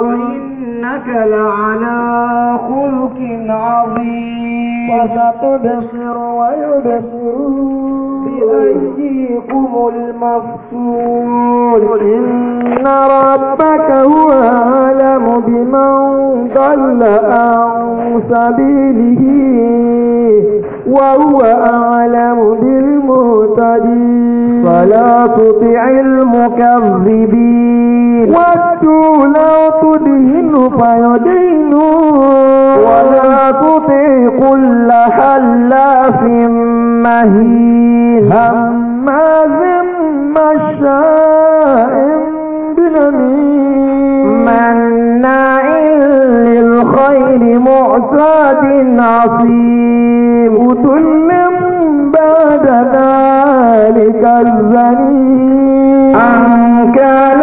وإنك لعلى خلق عظيم وستبصر ويبصرون بأيكم المفتون إن ربك هو أعلم بمن ضل عن سبيله وهو أعلم بالمهتدين فلا تطع المكذبين تدين ودوا لو تدين فيدينوا ولا تطيع كل حلاف مهين هماز مشاء بنميم مناع للخير معتاد عصيم أتل بعد ذلك الزنيم أم كان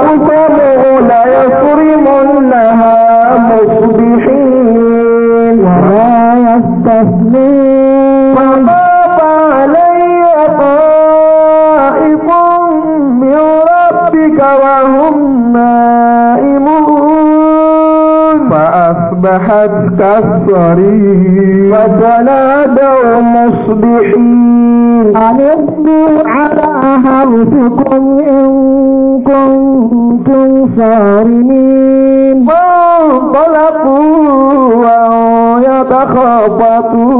حتى الصريح فتنادوا مصبحين أن اغدوا على حرفكم إن كنتم صارمين فانطلقوا وهم يتخبطوا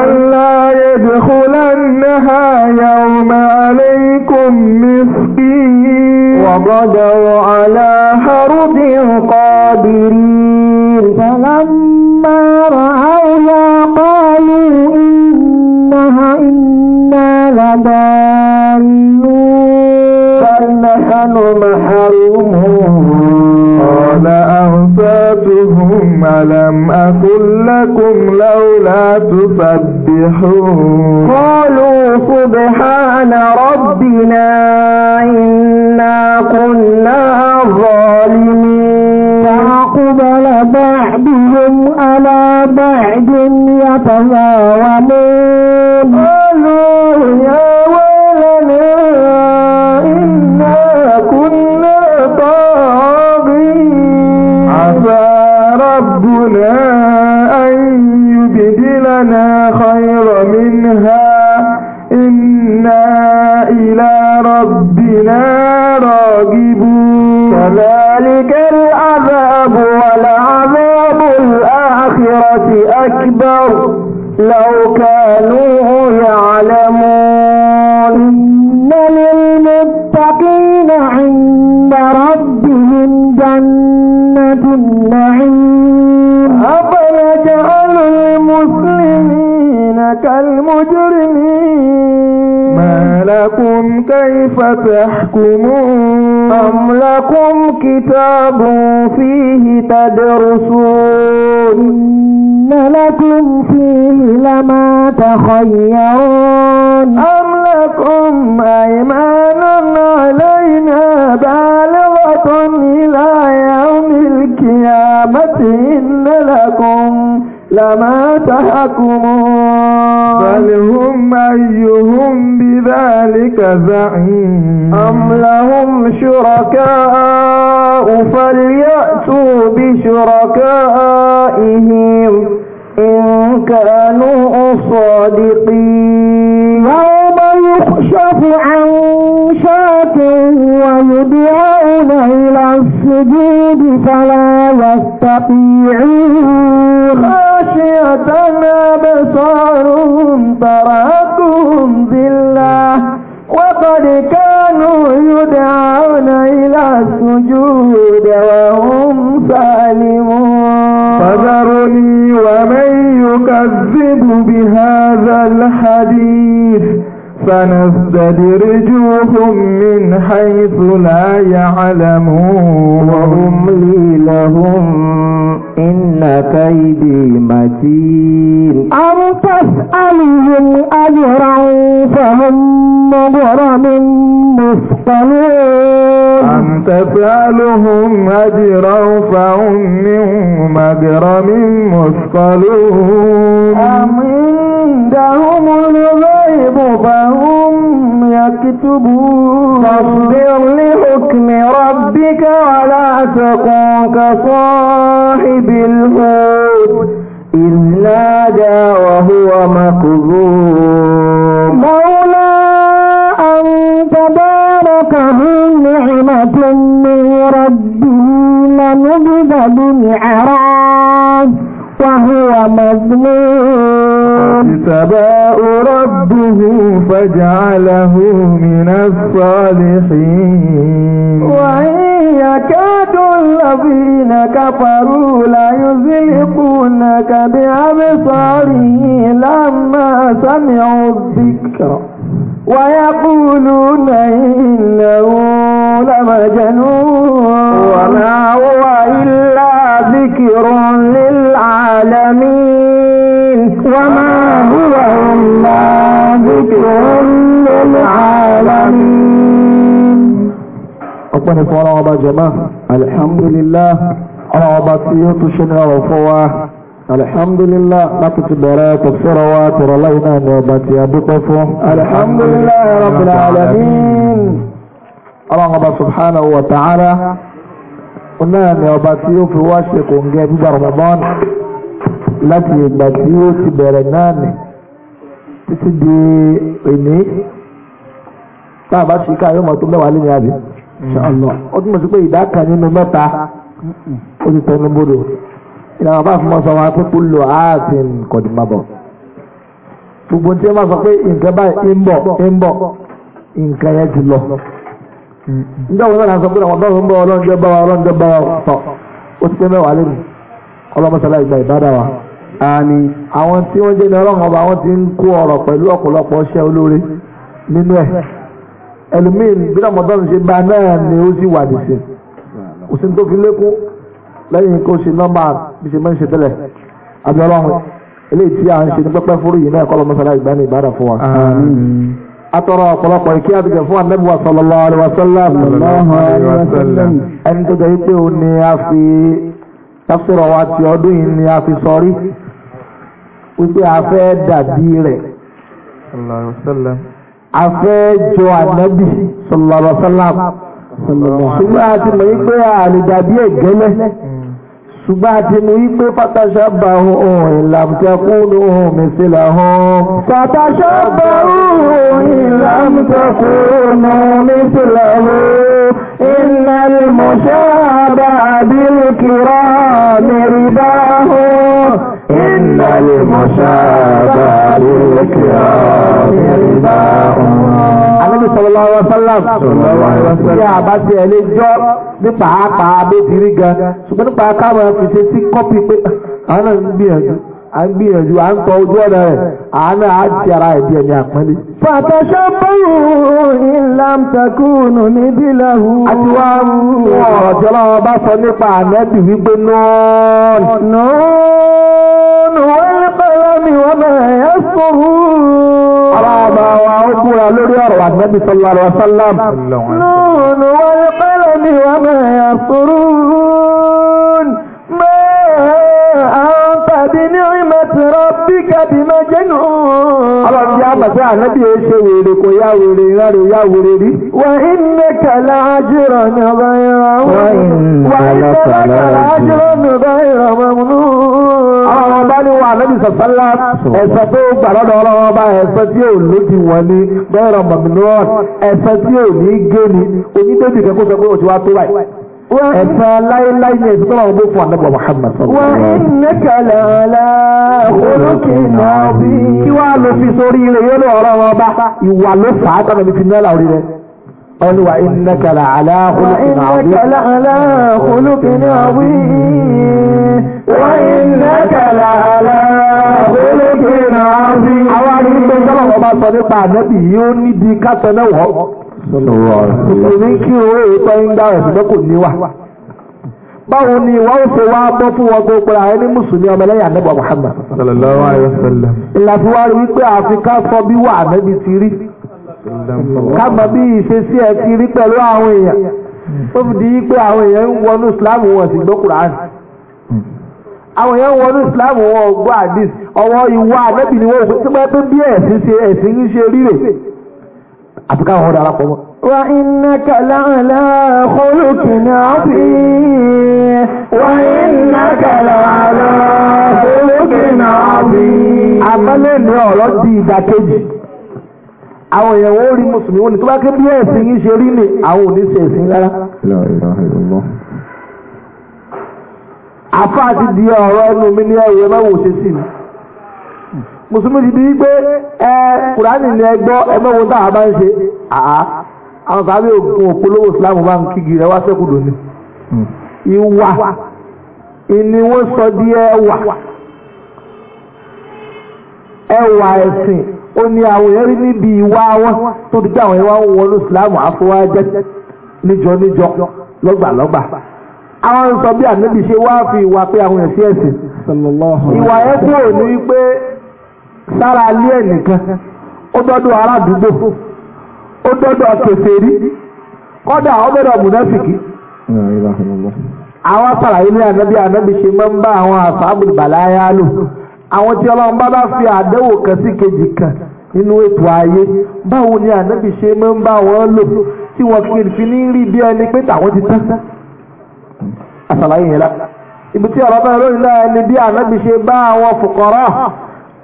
ألا يدخلنها يوم عليكم مسكين وغدوا على حرب قادرين فلما رأوها قالوا إنها إنا لضالون بل نحن محرومون قال أنفاتهم ألم أقل لكم لولا تسبحون قالوا سبحان ربنا إنا كنا ظالمين فأقبل بعضهم على بعض يتظاهرون قالوا يا ولنا إنا كنا طاغين عسى ربنا أن يبدلنا خيرا منها إنا إلى ربنا راغبون الآخرة أكبر لو كانوا يعلمون إن للمتقين عند ربهم جنة النعيم أفنجعل المسلمين كالمجرمين لكم كيف تحكمون أم لكم كتاب فيه تدرسون إن لكم فيه لما تخيرون أم لكم أيمان علينا بالغة إلى يوم القيامة إن لكم لما تحكمون بل هم أيهم بذلك زعيم أم لهم شركاء فليأتوا بشركائهم إن كانوا صادقين يوم يخشف عن شاك ويدعون إلى السجود فلا يستطيعون خاشيتنا بصارهم برهقهم بالله وقد كانوا يدعون إلى السجود وهم سالمون فذرني ومن يكذب بهذا الحديث فنستدرجهم من حيث لا يعلمون وأملي لهم إن كيدي متين أم تسألهم أجرا فهم مغرم مثقلون أم تسألهم أجرا فهم من مغرم مثقلون أم عندهم الغيب الغيب فهم يكتبون فاصبر لحكم ربك ولا تكون كصاحب الموت إذ نادى وهو مكذوب مولى أن تباركه نعمة من ربي لنبذ بالعراض وهو مظلوم اجتباه ربه فاجعله من الصالحين وإن يكاد الذين كفروا ليزلقونك بأبصارهم لما سمعوا الذكر ويقولون إنه لمجنون وما هو إلا ذكر للعالمين وما هو إلا ذكر للعالمين أقبل فوراء أبا جماعة الحمد لله أنا أبا تيوت شنع وفواه alhamdulillah láti ti bẹ̀rẹ̀ tafsira wa tọrọ láì náà ni ọba ti adúpẹ́ fún. alhamdulillah rabbil alamin. ọlọ́run ọba subhanahu wa ta'ala. ó náà ni ọba tí ó fi wá ṣe kò ń gẹ́ bíbá ramadan. láti ìgbà tí ó ti bẹ̀rẹ̀ náà nì títí di òní táà ká yóò tó mẹ́wàá lé ní àbí ó sí pé ìdá kan nínú mẹ́ta ó ti tẹnu bodò ìlànà bá fún ọ wọn kọ̀dùmọ̀bọ̀ gbogbo tí wọ́n máa sọ pé nǹkan báyìí ń bọ̀ ń bọ̀ nǹkan yẹn ti lọ nígbà wo náà sọ pé àwọn ọlọ́run ń bọ̀ ọlọ́run jẹ́ bá wa ọlọ́run jẹ́ bá wa sọ ó ti mẹ́wàá lé ní ọlọ́mọṣẹ́lá ìgbà àní àwọn tí wọ́n jẹ́ ní ọlọ́run ọba wọ́n ti ń kó ọ̀rọ̀ pẹ̀lú ọ̀pọ̀lọpọ̀ ọṣẹ́ olóore nínú ẹ̀ ẹlòmíín bí ramadan ṣe bá náà ni ó sì wà nìṣe kò sí tó fi lékún lẹ́yìn kó ṣe nọ́mbà bí ṣe máa ń ṣe tẹ́lẹ̀ àbí ọlọ́run eléyìí tí a ń ṣe ní pẹ́pẹ́ fúru yìí náà kọ́lọ́ mọ́sálá ìgbà ní ìbára fún wa. atọrọ ọ̀pọ̀lọpọ̀ ìkí àtijọ́ fún anabi wa sallallahu alaihi wa sallam ẹni tó jẹ́ pé òun ni a fi tafsirọ̀ wa ti ọdún yìí ni a fi sọrí wípé a fẹ́ dàbí rẹ̀ a fẹ́ jọ ànábì sọlọ́rọ̀ sálàm ṣùgbọ́n a ti mọ̀ wípé a lè dàbí ẹ̀gẹ́lẹ́ ṣùgbọ́n a ti mọ̀ wípé pátáṣá bá ohun ìlàmùtẹ́kùn ohun mẹ́sílẹ̀ hàn. pátáṣá bá ohun ìlàmùtẹ́kùn ohun mẹ́sílẹ̀ hàn. إن المشابه بالكرام رباه إن لمشابه الكرام الماء Ànábì sallallahu alaihi wasallam tí a bá ti ẹ̀lé jọ́ ní pàápàá abébìrí gan ṣùgbọ́n nípa káwọn fìṣe sí kọ́pì pé àwọn náà ń gbìyànjú à ń gbìyànjú à ń tọ ojú ọ̀nà rẹ̀ àánú àti ara ẹ̀bí ẹ̀mí àpọ́nlé. Fàtàṣẹ́ bẹ́yù ìlàm takùnù níbí lẹ́hù. A ti wá mú ọ̀rọ̀ tí ọlọ́run bá sọ nípa ànẹ́bì wípé nọ́ọ̀nù. الكلام وما يسرون أرابا وعبوا لريار النبي صلى الله عليه وسلم نون والقلم وما يسرون ما أنت بنعمة ربك بمجنون pé ànábì yẹn ṣe wèrè kò yá wèrè ìrárò yá wèrè rí. wà á ní kàlà ájúrò ní ọba ìrọ̀ wà á ní kàlà ájúrò ní ọba ìrọ̀ mọ̀mú. àwọn ọba ni wà ànábì sọ̀sálà ẹ̀sẹ̀ tó gbà lọ́dọ̀ ọlọ́wọ́ ọba ẹ̀sẹ̀ tí ò lódì wọn ni bẹ́ẹ̀rọ̀ mọ̀mú ẹ̀sẹ̀ tí ò ní gé ni onídébìkẹ́ kó sọ pé òtí wá tó báyìí ẹ̀sán láéláé ní èsì tọ́lá ọgbó fún àdàbọ̀ Muhammad sọ̀rọ̀. wà á nẹ́kà lálá olókè náà bí. kí wàá lọ fi sórí ilé yóò lọ ọ̀rọ̀ wọn bá ìwà ló fà á tọ́lá mi fi mẹ́lá orí rẹ̀. wọ́n ní wà á nẹ́kà lálá olókè náà bí. wà á nẹ́kà lálá olókè náà bí. àwọn àdúgbò tọ́lá ọba sọ nípa àdẹ́bì mùsùlùmí kí ní wà báwo ni ìwà ó ṣe bọ́ fún wọn gbogbo àwọn ẹni mùsùlùmí ọmọlẹ́yìn ànábì Muhammad sallallahu alaihi wípé àfi sọ bí wà ti rí bí ìṣesí ẹ ti rí pẹ̀lú àwọn èèyàn ó fi di wípé àwọn èèyàn ń wọnú Islam wọn sì gbọ́ Kùránì àwọn èèyàn ń wọnú àti káwọn ọ̀dọ̀ alápọ̀ mọ́. wà iná kàlá àlá kọlùkì náà bí wà iná kàlá àlá kọlùkì náà bí. abálẹ̀lẹ̀ ọ̀rọ̀ di ìdàkejì àwọn èèyàn ó rí mùsùlùmí wọn ni tó bá ké bí ẹ̀sìn yìí ṣe rí ni àwọn ò ní ṣe ẹ̀sìn rárá. àfa àti di ọ̀rọ̀ ẹnu mi ní ẹ̀yẹ mẹ́wòó ṣe sí mi mùsùlùmí ti di pé ẹ kùránì ni ẹ gbọ́ ẹ mẹ́wọ́n tá a bá ń ṣe àá àwọn sábà ògùn òpolówó ìsìláàmù bá ń kígi rẹ wá sẹ́kùdù ni ìwà ìní wọ́n sọ di ẹwà ẹwà ẹ̀sìn ó ní àwọn èèyàn rí níbi ìwà wọn tó ti àwọn èèyàn wọn wọnú ìsìláàmù àfọwájẹ́ níjọ níjọ lọ́gbàlọ́gbà àwọn ń sọ bí ànábì ṣe wá fi ìwà pé àwọn èèyàn ẹ̀sìn ìwà ẹ̀ kúrò ní pé sára alé ẹnìkan ó dọ́dọ̀ aládùúgbò ó dọ́dọ̀ kèfèrí kọ́dà ó dọ́dọ̀ àwọn sàlàyé ní ànábì ànábì ṣe máa ń bá àwọn àfàbùn bàláyà lò àwọn tí ọlọ́run bá bá fi àdéhùn kan kejì kan nínú ètò ayé báwo ni ànábì ṣe máa ń bá wọn lò tí wọn kì í fi ní rí bí ẹni pé tàwọn ti tán àsàlàyé yẹn ibi tí náà ni bí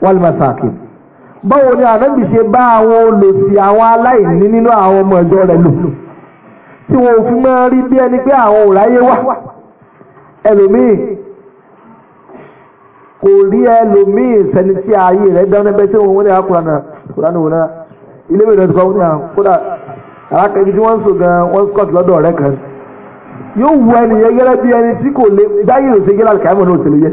wal masakin báwo ni ànábì ṣe bá àwọn olòṣì àwọn aláìní nínú àwọn ọmọ ẹ̀jọ́ rẹ̀ lò tí wọn ò fi máa rí bí ẹni pé àwọn ò ráyé wá ẹlòmíì kò rí ẹlòmíì sẹni tí ayé rẹ̀ dáná bẹ́ẹ̀ tí wọ́n ní àkùránà kùránà wò náà ilé ìwé ìdọ̀tí kan wọ́n ní àwọn kódà àràkà ibi tí wọ́n ń sọ gan wọ́n ń scott lọ́dọ̀ ọ̀rẹ́ kan yóò wọ ẹnìyẹn gẹ́gẹ́ bí ẹni tí kò lè dáyé òṣèlú gẹ́gẹ́ láti náà òṣèlú yẹ.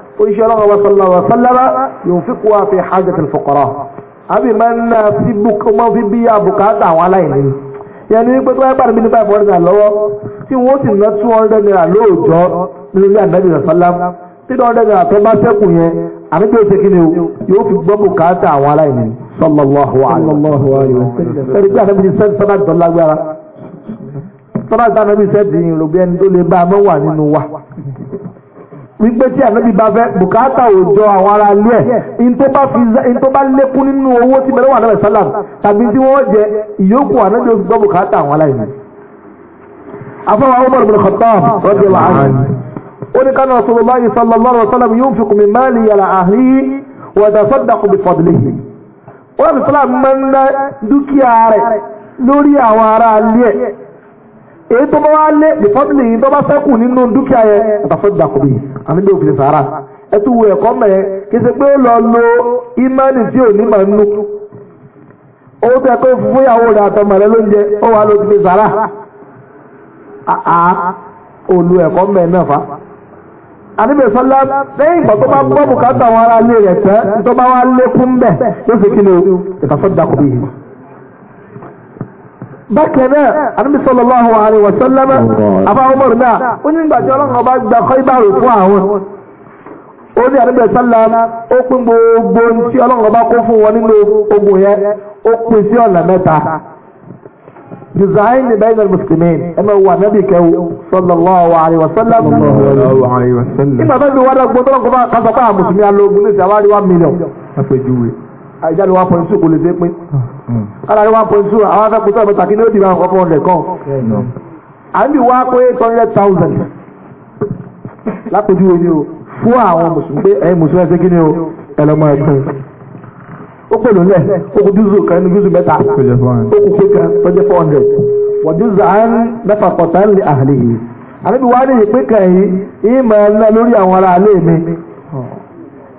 oṣiṣẹ́ ọlọ́run ọba sọlọ́run ọba sọlọ́run yóò fi kó wa fi hajatil fuqara àbí máa ń náà fi bùkọ́ máa fi bí àbùkátà àwọn aláìní yẹn ní pé tó wáyé pàdé mi ní five hundred naira lọ́wọ́ tí wọ́n sì ná two hundred naira lóòjọ́ nínú ilé ànábì sọlá three hundred naira tó bá sẹ́kù yẹn àmì tó ṣe kí ni o yóò fi gbọ́ bùkátà àwọn aláìní sallallahu alaihi wa sallam ẹni pé ànábì sẹ́ni sọ́nà dọ́lágbára sọ́nà sọ́nà bí sẹ́ni ìrògbé ẹni tó lè bá a mọ́ wà nínú wa wípé tí ànábì bá fẹ́ bùkátà òòjọ́ àwọn ará ilé ẹ̀ ntó bá lékún nínú owó tí bẹ̀rẹ̀ wà náà sálàm tàbí tí wọ́n jẹ ìyókù ànábì ó gbọ́ bùkátà àwọn aláìní. afọwọ́ àwọn ọmọdé kọ̀tọ́ rọ́bì wà á ó ní kánú ọ̀sọ̀rọ̀ báyìí sallallahu alaihi wasallam yóò fi kùmí máàlì yàrá àhí wọ̀dà sọ́dàkù bí fọ̀dùlẹ̀. èyí tó bá wá lé bífọ́bìlì yìí tó bá fẹ́kù nínú dúkìá yẹn àtàfọ́gbà kò bí wo lọ lo imani tí ò ní màá nù owó tó yẹ kó fún ìyàwó rẹ̀ àtọmọ o wa lo wà ló ti fi sàárà àá olú ẹ̀kọ́ sọlá lẹ́yìn ìgbà tó bá gbọ́ ara bákẹ́rẹ́ anamisọ́lọ́láhu alayhi wa sallama afáwọ́mọ́rún náà ó ní ìgbà tí ọlọ́run ọba gba kọ́íbàrò fún àwọn ó ní àdébẹ̀ sálàm ó pín gbogbo tí ọlọ́run ọba kó fún wọn nínú ogun yẹn ó pín sí ọ̀nà mẹ́ta design bẹ́ẹ̀ ní mùsùlùmí ẹ máa wà nábì kẹwù sọlọ́láhu alayhi wa sallam ìgbà bẹ́ẹ̀ ni wọ́n dá gbogbo ọlọ́run ọba kásọ̀ àìjáde one point two kò lè dé pín one point two àwọn afẹ́kùn ó di fún kan àbí wá pé eight hundred thousand ni o fún àwọn mùsùlùmí pé ẹ̀yin mùsùlùmí ẹ̀sẹ̀ o ẹlẹ́mọ ẹ̀sìn ó pè lónìí ẹ̀ ó kú dúzù kan dúzù mẹ́ta ó kú pé kan four hundred wọ́n dúzù mẹ́fà ń lè àhàlẹ́ yìí àbí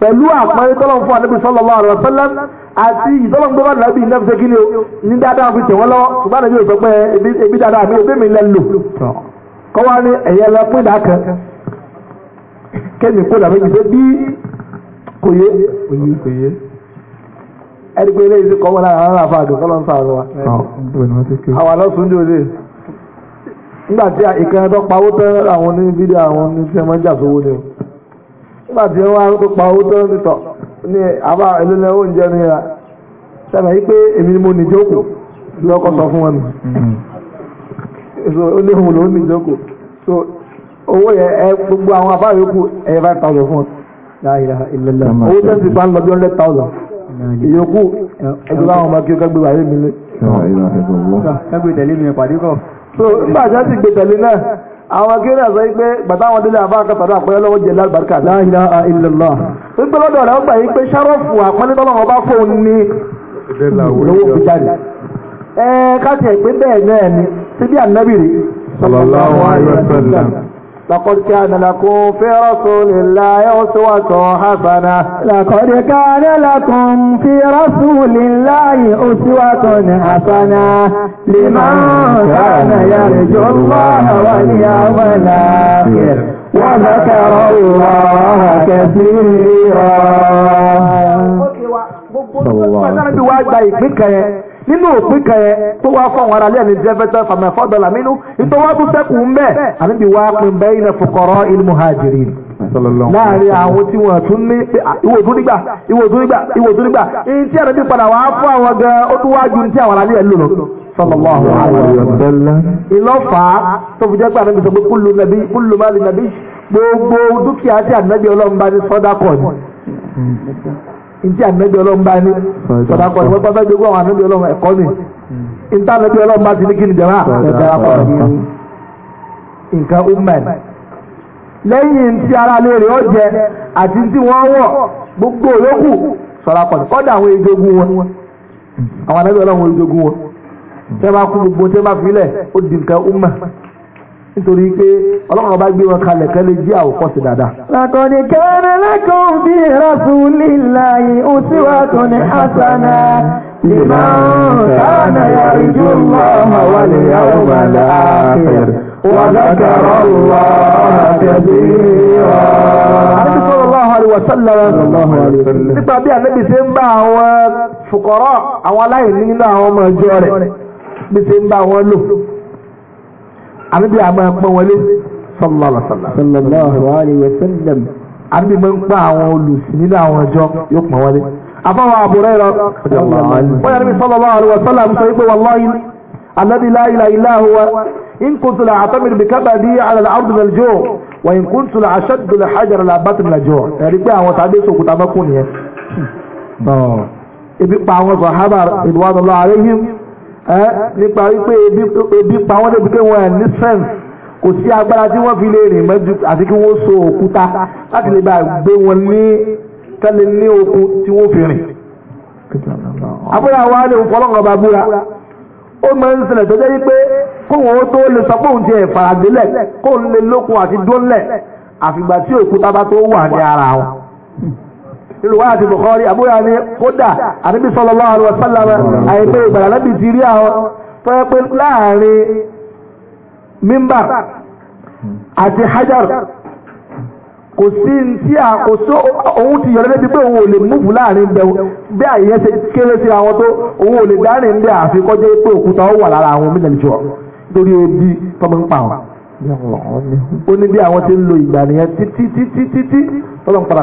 pẹ̀lú àpẹẹrẹ tọ́lọ̀ fún ànábì sallallahu alaihi wasallam àti ìtọ́lọ̀ gbọ́dọ̀ ànábì nẹ́fẹ̀ẹ́ kí ni ní dáadáa fi tẹ̀wọ́n lọ́wọ́ ṣùgbọ́n ànábì sọ pé ebi dáadáa mi ebi mi lẹ́ lò kọ́ ní ẹ̀yẹ lọ pín ìdá kó dàbí bí kò yé ẹni pé ilé ìsìn lára wa nígbà tí tó nígbà tí wọ́n tó pa owó tó ń tọ̀ ní àbá ìlúlẹ̀ oúnjẹ ní ra sẹ́mi yí pé èmi ni mo ní jókòó lọ́kọ̀ sọ fún wọn nù so ó ní òun lòún ní jókòó so owó yẹn ẹ gbogbo àwọn àbá yòókù ẹ̀yẹ five thousand fún ọ owó tó ń ti pa ń hundred thousand ìyókù ẹgbẹ́ àwọn ọmọ kí ó kẹ́gbẹ́ wáyé mi lé. ẹgbẹ́ tẹ̀lé mi pàdé kọ̀. so nígbà tí wọ́n àwọn akéèrè àzọ yìí pé bàtà àwọn délé àbá akátàdá àpẹẹrẹ lọ́wọ́ jẹ lálùbáríkà la ilaha illallah wípé lọ́dọ̀ rẹ̀ ó gbà yìí pé sáròfù àpẹẹrẹ tọ́lọ́wọ́ bá fóun ní lówó fi jáde ẹ káàtì ẹ̀ pé bẹ́ẹ̀ náà ni síbí ànábìrì sallallahu alaihi wasallam لقد كان لكم في رسول الله أسوة حسنة لقد كان لكم في رسول الله أسوة حسنة لمن كان يرجو الله واليوم الآخر وذكر الله كثيرا. صلى الله عليه وسلم. nínú òpin kan yẹn tó wá fún àwọn aráàlú ẹni jẹ́ fẹ́tẹ́ fàmì ẹ̀fọ́ dọ́là mínú ìtọ́wọ́ tó sẹ́kù ń bẹ̀ àníbi wá pin bẹ́ẹ̀ iná fòkọ̀rọ̀ ìlú muhajirin láàrin àwọn tí wọ́n tún ní ìwò tún nígbà ìwò tún nígbà ìwò tún nígbà èyí tí àdébí padà wá fún àwọn gan ó tún wájú ní tí àwọn aráàlú ẹ̀ lò ìlọ́fà tó fi jẹ́ pé ànábi sọ pé kúlù nàbí kúlù máa lè nàbí gbogbo dúkìá tí ànábi ọlọ́run bá ní sọ́dá kọ̀ ni. ntí ànábi ọlọ́run bá ní sọ̀dọ̀kọ̀ ìwé pàfẹ́ jogún àwọn ànábi ọlọ́run ẹ̀kọ́ ni ntí ànábi ọlọ́run bá ti ní nǹkan ntí ara lè rè àti ntí wọ́n wọ̀ gbogbo yòókù sọ̀dọ̀kọ̀ kọ́dà àwọn ìjogún wọn àwọn nítorí pé ọlọ́run bá gbé wọn kalẹ̀ kẹ́lẹ́ jí àwòkọ́ sí dáadáa. làkọ̀dé kẹ́rẹ́ lẹ́kọ̀ọ́ bí rasulillahi uswatun hasana liman kana yarju Allaha wal yawmal akhir wa dhakara Allaha kathira. àti sallallahu alaihi wa nípa bí ànábì ṣe ń bá àwọn fukara àwọn aláìní nínú àwọn ọmọ ìjọ rẹ̀ bí ṣe ń bá wọn lò àbíbí àmọ́ ẹ̀pọ̀ wọlé sallallahu alaihi wasallam. sallallahu alaihi wasallam. àbíbí máa ń pa àwọn olùsìn nínú àwọn ọjọ́ yóò pọ̀ wọlé. àfọwọ́ àbúrẹ́ rọ. wọ́n yàrá mi sallallahu alaihi wasallam sọ nípa wípé ebi pa wọ́n débi pé wọ́n ẹ̀ ní strength kò sí agbára tí wọ́n fi lè rìn mọ́jú àti kí wọ́n so òkúta láti lè bá gbé wọn ní tẹ́lẹ̀ ní okun tí wọ́n fi rìn. àbúrò àwọn àlè òun fọlọ́ngàn bá búra ó máa ń ṣẹlẹ̀ tó jẹ́ wípé kóun ó tó lè sọ pé òun ti ẹ̀ faradélẹ̀ kóun lè lókun àti dónlẹ̀ àfìgbà tí òkúta bá tó wà ní ara wọn. nínú wáàtí Bukhari àbúrò ní kódà àdébí sallallahu alaihi wasallam àìpé ìgbàlá lẹ́bi ti rí àwọn tó yẹ pé láàrin mímbà àti hajar kò sí tí a kò sí ohun ti yọrọ débi pé òun ò lè múfù láàrin bẹ̀rù bí àyẹ̀yẹ́ ṣe kéré sí àwọn tó òun ò lè dárìn ń bẹ àfikọ́jẹ́ pé òkúta ó wà lára àwọn jọ torí ebi tọ́mọ ń pa wọn ó ní bí àwọn ti ń lo ìgbà nìyẹn títí títí títí tọ́lọ́ ń padà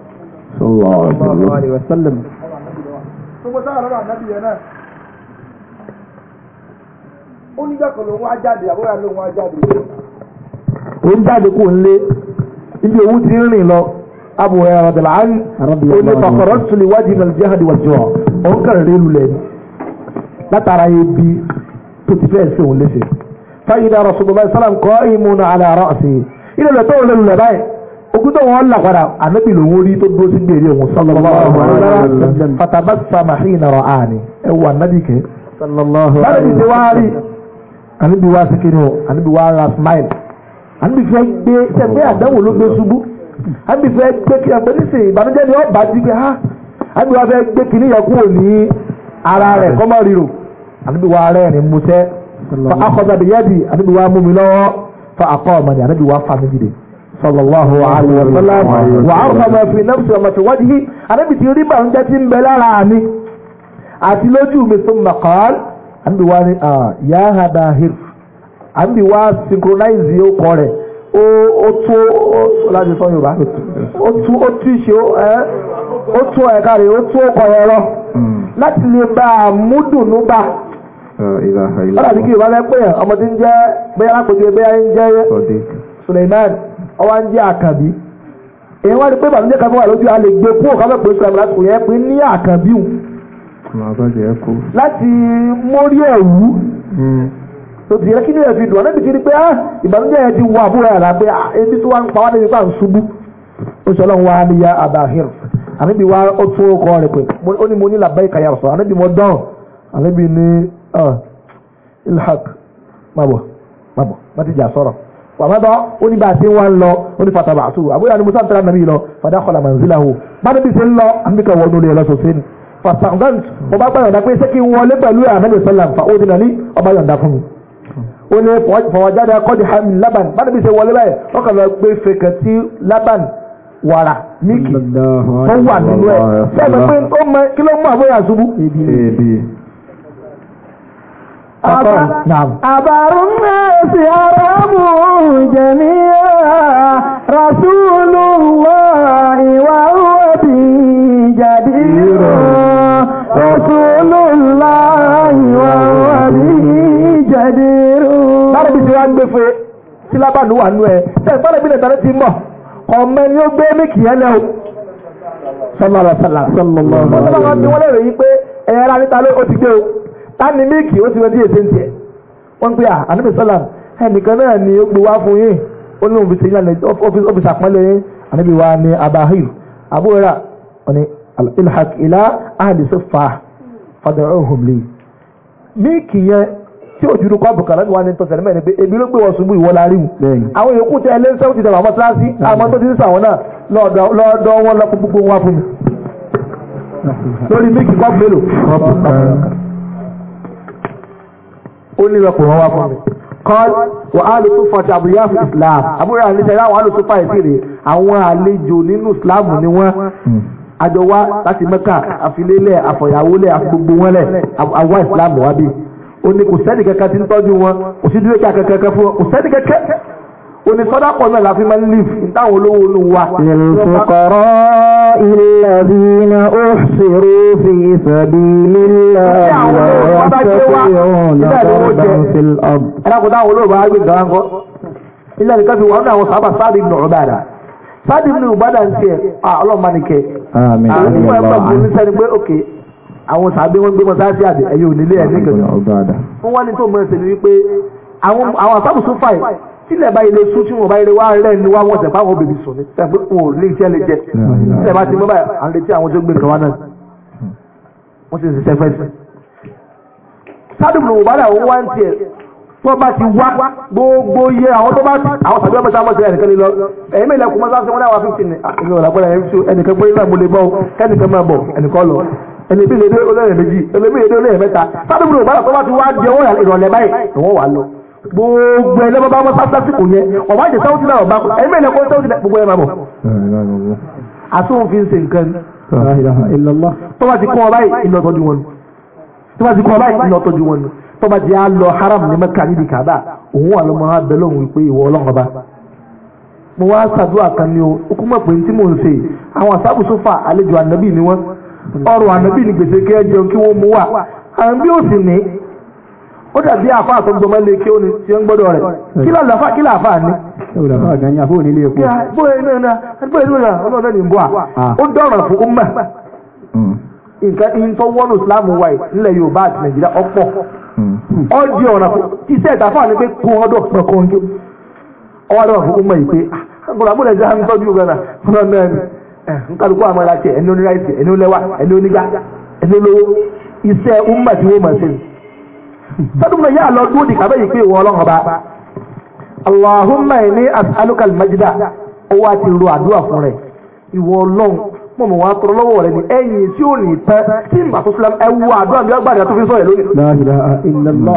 sallallahu alaihi wasallam ó ń jáde kó ń lé ibi òwú ti ń rìn lọ abu ẹ̀rọ̀dẹ̀lá ń olè fàkọ̀rọ̀ tún ìwádìí náà jihadi wà jọ òun kàn rí lulẹ̀ látara ebi tó ti fẹ́ sí òun léṣe. fáyidà rasulullah sallam kọ́ ìmúna àlàárọ̀ sí ilé lọ́tọ́ òun lè lulẹ̀ báyìí. ogun tó wọn là anabi ànábì lòun orí tó dúró sí gbèrè òun sallallahu alaihi wasallam fatabassama hina ra'ani ẹ wọ ànábì kẹ báyìí ti wá rí ànábì wa sí o ànábì wá ra smile ànábì fẹ́ gbé sẹ́gbẹ́ àdánwò ló gbé gbé kí ni ó bá ha gbé kúrò ní ara ríro fa mú mi fa صلى الله عليه وسلم وعرف ما في نفسه وما في وجهه أنا بتيري بانجة بلا عامي أتلوجه ثم قال أنبي واني آه يا هباهر أنبي وا سينكرونايز يو كوري ó ó tó láti sọ yorùbá ó tú ó tú ṣe ẹ ó tó ẹ̀ka rẹ̀ ó tó ọkọ̀ ẹ̀rọ láti lè bá a múdùnú bá ọ̀rọ̀ àti kí yorùbá fẹ́ pè ọmọdé ń jẹ́ bẹ́ẹ̀ alákòóso bẹ́ẹ̀ ń jẹ́ Suleiman ọwọ́ ń jẹ́ àkànbí èyí wọ́n rí pé ìbànújẹ́ kan wà lójú a lè gbé kúrò ká mẹ́pẹ́ sọ àmàlà kò yẹ pé ní àkànbí hù láti mórí ẹ̀wú hmm. tòtì yẹ kí ni ẹ̀ fi dùn ọ̀nà ìbìtì ni pé ah, ìbànújẹ́ yẹn ti wọ àbúrò ẹ̀ la pé ah, ebi tí wọ́n ń pa wá débi pa ń ṣubú ó sọ lọ́hùn wá ní ya àníbi wá ó tún kọ́ rẹ̀ pé ó ní mo ní làbẹ́ ìkàyà sọ àníbi mo dán àníbi ní ah, ilhak má bọ̀ má sọ̀rọ̀ wàmọ́dọ́ ó ní bá a ti wá ń lọ ó ní fataba àtúwò àbúrò àni musa tẹ̀lé nàbí lọ fàdá kọlà mànzílà hù bá níbi ṣe ń lọ àmìkà wọnú ilé ọlọ́sọ sí ni fasangan mo bá gbàyànjá pé ṣé kí n wọlé pẹ̀lú àmẹ́lẹ̀ sọ́là nfa ó dínà ní ọba yọ̀ǹda fún mi. ó ní fọwọ́jáde akọ́dí hami laban bá níbi ṣe wọlé báyìí wọ́n kàn lọ gbé fèkè tí laban wàrà níkì tó wà nínú ẹ̀ أبا نعم أبر الناس أرامه جميعا رسول الله وهو بي جدير رسول الله وهو بي جدير láàrín bí ti wá ń gbé fún tí lábàánú wà nú ẹ ṣe ìpínlẹ̀ ìbílẹ̀ tàbí ti mọ̀ ọmọ ẹni ó gbé mí kìí ẹlẹ́ o sọlọ́rọ̀ sọlọ́rọ̀ sọlọ́rọ̀ sọlọ́rọ̀ tani méèkì ó ti wọ́n ti èsè ń a, wọ́n pe ànábì sálàm ẹnìkan náà ni ó gbé wá fún yín ó ní òfìsì ìlànà ọ́fíìsì àpọ́nlé yín ànábì wa ni abahir abúrẹ́rà ọ̀ni ilhaq ilá ahli siffa fad'uhum li méèkì yẹn tí o jùlọ kọ́ wa ni wà ní tọ́sẹ̀ mẹ́rin pé èmi ló gbé wọn ṣubú ìwọ́lá rí àwọn yòókù tẹ ẹlẹ́sẹ̀ ó ti ó ní ìwé kò rán wá fún mi kọ́l wà á lò tó fọ́n ti àbúyá fún islam àbúrò àlejò àwọn àlòtó fà èsì rè àwọn àlejò nínú islam ni wọ́n àjọ wá láti mẹ́kà àfilélẹ̀ àfọ̀yàwólẹ̀ àfigbogbo wọn lẹ̀ àwa islam wà bí ó ní kò sẹ́ni kankan tí ń tọ́jú wọn kò sí dúró kí akẹ́kẹ́ fún wọn kò sẹ́ni kankan onisọdá kọ náà la fi máa ń lif táwọn olówó ló wà. ìlùfọ̀kọ̀rọ̀ ìlàbìnà ó ṣèrò fi ìsọ̀bí nílà ìwọ̀n ṣẹ́fẹ̀ẹ́ sáàdì ní ìbádà ń tiẹ̀ ọlọ́mọ̀nìkẹ́ òun fún ẹgbẹ́ òun ní sẹ́ni pé òkè àwọn sàbí wọn gbé mọ́sáàsì àdé ẹ̀yẹ ònílé ẹ̀ nígbẹ̀ẹ́ wọ́n wá ní tó mọ̀ ẹ́sẹ̀ ni wípé àwọn àsábùsùn fàì tílẹ̀ báyìí lè sún tí wọ́n báyìí lè wá rẹ̀ ní wá wọ̀sẹ̀ fáwọn bèbí sùn ní tẹ̀ pé wọn lè jẹ́ lè jẹ́ tílẹ̀ bá ti mọ́ báyìí à ń retí àwọn tó gbé nǹkan wá náà wọ́n sì ń fẹ́ sí. sádùn ló wà láwọn wá ń tiẹ̀ tó bá ti wá gbogbo iye àwọn tó bá ti àwọn tàbí ọmọ sáà mọ̀sẹ̀ ẹnìkan lọ ẹ̀yìn mẹ́lẹ̀ kú mọ́sáàsì wọn náà wà fífi ní ẹ̀yìn ọ̀làgbọ́dà ẹ̀yìn fi ẹnìkan pé náà mo lè bọ́ kẹ́nìkan máa bọ̀ ẹnìkan lọ ẹni bí lè dé olóyè méjì ẹni bí lè dé olóyè mẹ́ta sádùn ló wà láwọn tó bá ti wá di ọwọ́ ìrọ̀lẹ́ báyìí ni wọ́n wà lọ gbogbo ẹlẹ́bọ̀ bá wọn sásásí kò yẹ ọ̀wá ìdè sáwọ́tì náà ọ̀bá ẹ̀mí ẹ̀lẹ́ kó sáwọ́tì náà gbogbo ẹ̀ máa bọ̀. àtúnwò fi ń ṣe nǹkan tó bá ti kún ọba yìí ìlọ tọ́jú wọn tó bá ti kún ọba yìí ìlọ tọ́jú wọn tó bá ti á lọ haram ní mẹ́ka níbi kàbá òun wà lọ́mọ abẹ́ lọ́hùn wípé ìwọ ọlọ́ngọba mo wá ṣàdúrà kan ni o ó kú mọ̀ pé tí mò ń ṣe àwọn àṣàbù sófà àlejò ànábì ni wọ́n ọrọ̀ ànábì ni gbèsè kẹ́ jẹun kí wọ́n mú wà àwọn bí ó sì ní ó dàbí àfa àtọ́gbọ́n máa ń lè kí ó ní kila ń kí kí ní. àfọ iná iná iná iná ní ó dọ̀rọ̀ fún hmm. nǹkan ìyíntọ́ islam nílẹ̀ yorùbá àti nàìjíríà ọ̀pọ̀ hmm. fún iṣẹ́ ni fún umma bụ pé gbọ̀dàgbọ̀dà jẹ́ àmì tọ́jú gánà fúnra sọ́dún náà yà lọ dúró di kàbẹ́ yìí pé ìwọ ọlọ́run ọba Allahumma inni asalukal al-majda ó wá ti ro àdúrà fún rẹ̀ ìwọ ọlọ́run mọ̀ mọ̀ wá tọrọ lọ́wọ́ rẹ̀ ní ẹ̀yìn tí ò ní tẹ́ tí ìgbà tó fúlẹ̀ ẹ wo àdúrà mi ọgbà ìgbà tó fi sọ̀rọ̀ lónìí. láàrínlá ìlànà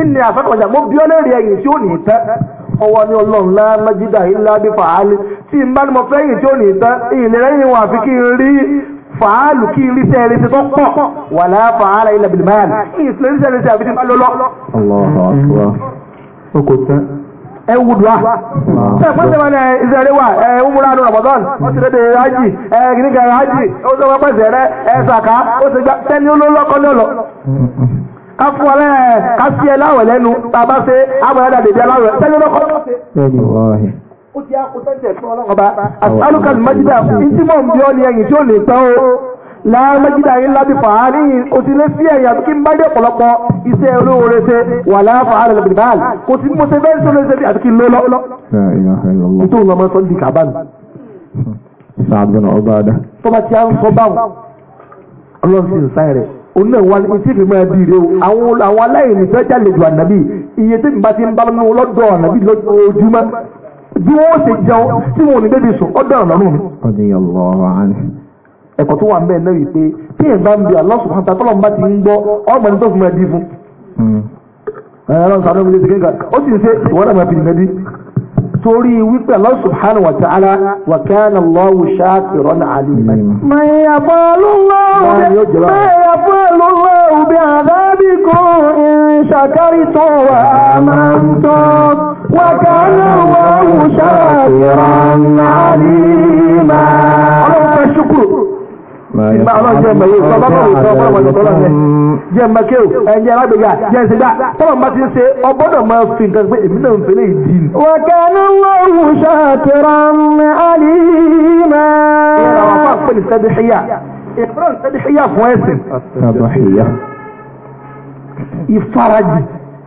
ìní àfẹ́kọ̀ọ́jà mo bí ọlẹ́rìí ẹ̀yìn tí ò ní tẹ́ ọwọ́ ní ọlọ́run lá májídà ńlá bí tí ìbánimọ̀ fẹ́yìn ní tẹ́ ìlera fàálù kí irisẹ́ irisẹ́ tó pọ̀ wà láfàálà ilẹ̀ bìlìmáàlì ìsìlẹ̀ irisẹ́ irisẹ́ àbí ti bá lọ́lọ́. ẹ wù dùn á. ṣé ẹ pẹ́sẹ̀ wọn ẹ ìṣẹ̀lẹ̀ wà ẹ umura nù ramadan ó ti lédè hajj ẹ gíníkà hajj ó sọ wọn pẹ̀sẹ̀ ẹ sàkà ó ti gbà tẹ́ni olólọ́kọ́ ní ọ̀lọ́ ká fún ọ lẹ́ẹ̀ ká sí ẹ láwẹ̀ lẹ́nu tá a bá ṣe àgbẹ̀rẹ́dà dèbí aláwẹ̀ tẹ́ni olólọ́kọ́ ó ti àkótẹ́tẹ̀ fún ọlọ́run ọba asálùkà májídà ìdí mọ̀ bí ọ́ ni ẹ̀yìn tí ó lè tán o láàmájídà yìí láti fàárí o ti lé sí ẹ̀yà kí n bá dé ọ̀pọ̀lọpọ̀ iṣẹ́ olóore ṣe wà láàfàárí lọ́bìnrin báàlì kò sí mo ṣe bẹ́ẹ̀ sọ lórí ṣe bí àti kí n ló lọ́. ètò ìlú ọmọ sọ di kàbá mi. sàbùnà ọba adá. tó bá ti á ń sọ báwọn ọlọ́run sì ń sáyẹn rẹ̀ òun náà wà ní tí ìfìmọ̀ ẹbí rẹ o àwọn aláìní fẹ́ jálejò ànábì iye tí n bá ti ń bá lọ́dọ̀ ànábì lójúmọ́ bí wọ́n ṣe jẹun tí wọn ò ní débi sùn ọ̀dọ̀ ọ̀nà mi. ẹ̀kọ́ tó wà ń bẹ́ẹ̀ náà yìí pé tí èèyàn bá ń bi Allah subhanahu wa ta'ala ti ń gbọ́ ọgbẹ́ni tó fún hmm. ẹ fún. sàánú mi lè ṣe kéka ó sì ń ṣe ìwọ́n náà máa fi torí wípé وكان الله شاكرا عليما ọlọ́pàá ṣukú ìgbà ọlọ́jẹ́ mẹ́yẹ sọ́bọ́bọ̀ ìsọ́bọ́bọ̀ ìsọ́bọ́bọ̀ jẹ́ mẹ́kẹ́ ẹ̀jẹ̀ alágbègbà jẹ́ ìsìgbà tọ́wọ́n bá ti ń ṣe ọgbọ́dọ̀ máa fi nǹkan pé èmi náà ń fẹ́lẹ̀ ìdí ni. وكان الله شاكرا عليما. ìrànwọ́ fún àpẹẹrẹ sẹ́díṣẹ́yà ìfọ́nà sẹ́díṣẹ́yà fún ẹ̀sìn. ìfarajì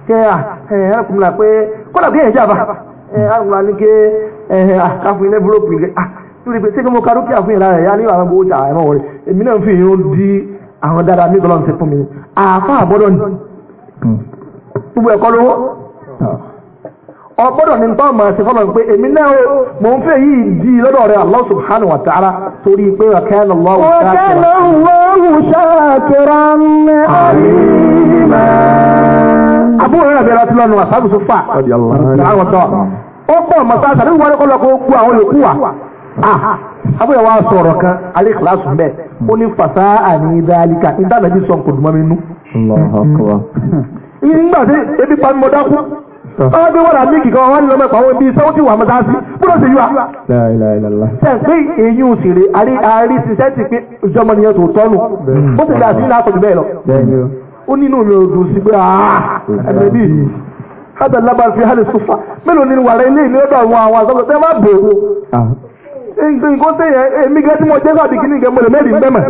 kẹ́ ẹ̀rọ̀kùnmùlà pé kọ́dà bí ẹ̀jẹ̀ àbá ẹ̀rọ̀kùnmùlà ní ké àkàfún ilẹ̀ búrọ́pù lórí pé sẹ́kẹ́ mo ka dúkìá fún ìlànà ẹ̀yà ní ẹ̀mọ́ wọlé èmi náà fi di àwọn dáadáa ní ìtọ́lọ́n ti fún mi àáfà ni gbogbo ẹ̀kọ́ lówó nǹkan pé èmi náà o mò ń fẹ́ yìí di lọ́dọ̀ rẹ Allah subhanahu wa ta'ala torí pé ọ̀kẹ́ ló lọ́wọ́ ṣáàkìrán. ọ̀kẹ́ ló lọ́wọ́ ṣáàkìrán àbúrò rẹ̀ bẹ̀rẹ̀ ti lọ́nu àṣàbù tó fà àwọn tọ́ ó pọ̀ mọ̀tá àṣàbí wọn kọ́ lọ́kọ́ gbọ́ àwọn yòókù wa ah, àbúrò wa sọ̀rọ̀ kan alẹ́ kìláàsì mbẹ́ ó ní fàṣà àní dáríkà ìdánilẹ́jì sọ kò dùnmọ́ mi nú. nígbà tí ebi pa mọ́ dákú ọ́n bí wọ́n rà mí kìkan wọ́n lọ́mọ ìpàwọ́ ibi sọ́wọ́ ti wà mọ́tá sí búrọ̀ sí yúwa. sẹ́ǹpé èyí ò sì rè àrí àrí sísẹ́ǹtì pé ìjọba nìyẹn tó tọ́nu ó sì dà sí ní àpọ̀jù bẹ́ẹ̀ lọ. ó nínú mi ò dùn sí pé ah, hada laban fi sufa mélòó ni wàrà ilé ìlú ọ̀dọ̀ àwọn àwọn àgbàgbà tẹ́ bá bèrè nǹkan sẹ́yìn èmi gẹ́gẹ́ tí mo jẹ́ sábì kí ní mọ̀lẹ́ mẹ́rin mẹ́mẹ́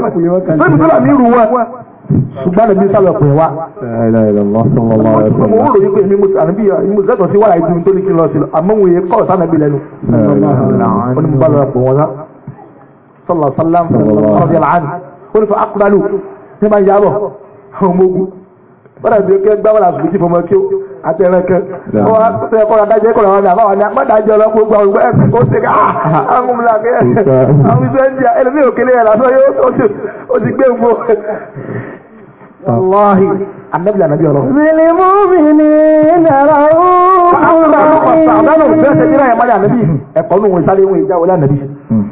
lórí tó làmì irú wọn ṣùgbọ́n ẹ̀mí sálọ̀ pè wá. mo ń ròyìn pé èmi mo àná mo sí wàrà tó n lọ sí lọ àmọ́ ọmọogun bọ́dà bí kẹ́ gbá wọ́n àsùnjì fọmọ kí ó àtẹ̀rẹ̀ kan wọ́n á sọ ẹ̀kọ́ ọ̀dà dájẹ́ kọ̀ọ̀dà wọn àbáwọn ni àpádájẹ́ ọlọ́pọ̀ gbà wọ́n ó ṣe ká ah, àwọn ọmọlá kẹ́ àwọn ìṣe ń jẹ ẹlẹ́mí òkèlè ẹ̀ lásán yóò ó ti gbé gbó. Wàláhi anabi anabi ọlọ. Bìlì mú mi ní ìdára ó. Àdánù bẹ́ẹ̀ ṣe nílá ẹ̀mọ́lẹ̀ anabi ẹ̀kọ́ nù wọn sáré wọn ìjà anabi. Hmm.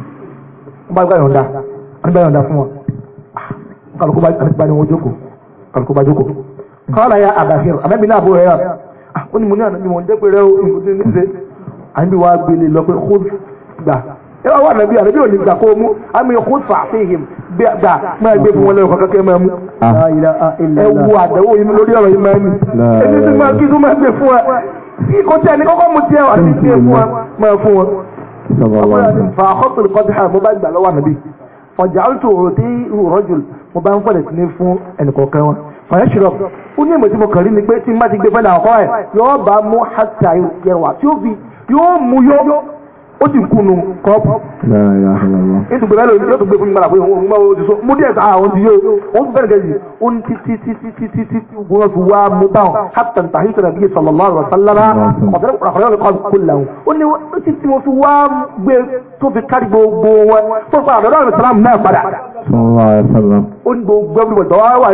Wọ́n bá yọ̀ǹda, wọ́n bá yọ̀ǹda fún wọn. Ah, kálukú bá ní wọn kàrùkù bá jókòó kọ́lá ya àbàhìr àbẹ́bí náà bó rẹ̀ ah, ó ní mo ní ànábì wọn jẹ́pẹ̀ rẹ̀ ó ní ṣe àbí wàá gbélé lọ pé kó gbà ẹ wá wà nàbí ànábì òní gbà kó mú àmì kó fà fihìm gbà máa gbé fún wọn lẹ́yìn kankan kẹ́ máa mú. Ah. ẹ wo àdánwò yìí lórí ọ̀rọ̀ yìí máa ń ẹni tí máa kí tó máa gbé fún wa kí kò tí ẹni kọ́kọ́ mú tiẹ̀ wà sí tiẹ̀ fún wa máa fún wa. ọ̀pọ̀lọpọ̀ fà á kọ́ mo bá ń fọ̀dẹ̀ sí ní fún ẹnìkọ̀ọ̀kan wọn fàyẹ́sìrọ̀ ó ní ìmọ̀tí mo kàn rí ni pé tí n bá ti gbé fẹ́lẹ̀ àkọ́ ẹ̀ yóò bá mú hàtà yẹwà tí ó fi yóò mú yó ó sì kúnnu kọ́ọ̀pù. nítorí bẹ́ẹ̀ lóyún yóò tún gbé fún mi padà pé òun máa ń sọ mú díẹ̀ sáà òun ti yé òun ti ti ti ó ní títí títí títí tí wọ́n fi wá mú báwọn hàtàn tàhí sọ̀rọ̀ bíi sọ̀lọ́lá ọ̀rọ̀ sálára ọ̀kọ̀rẹ́ ọ̀kọ̀ kó làwọn. ó ní títí tí wọ́n fi wá gbé tó fi kárí gbogbo wọn tó fa àbẹ̀rẹ̀ ọ̀rọ̀ sàlám náà padà. ó ní gbogbo ẹgbẹ̀rún tó wá wà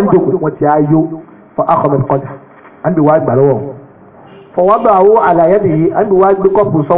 ní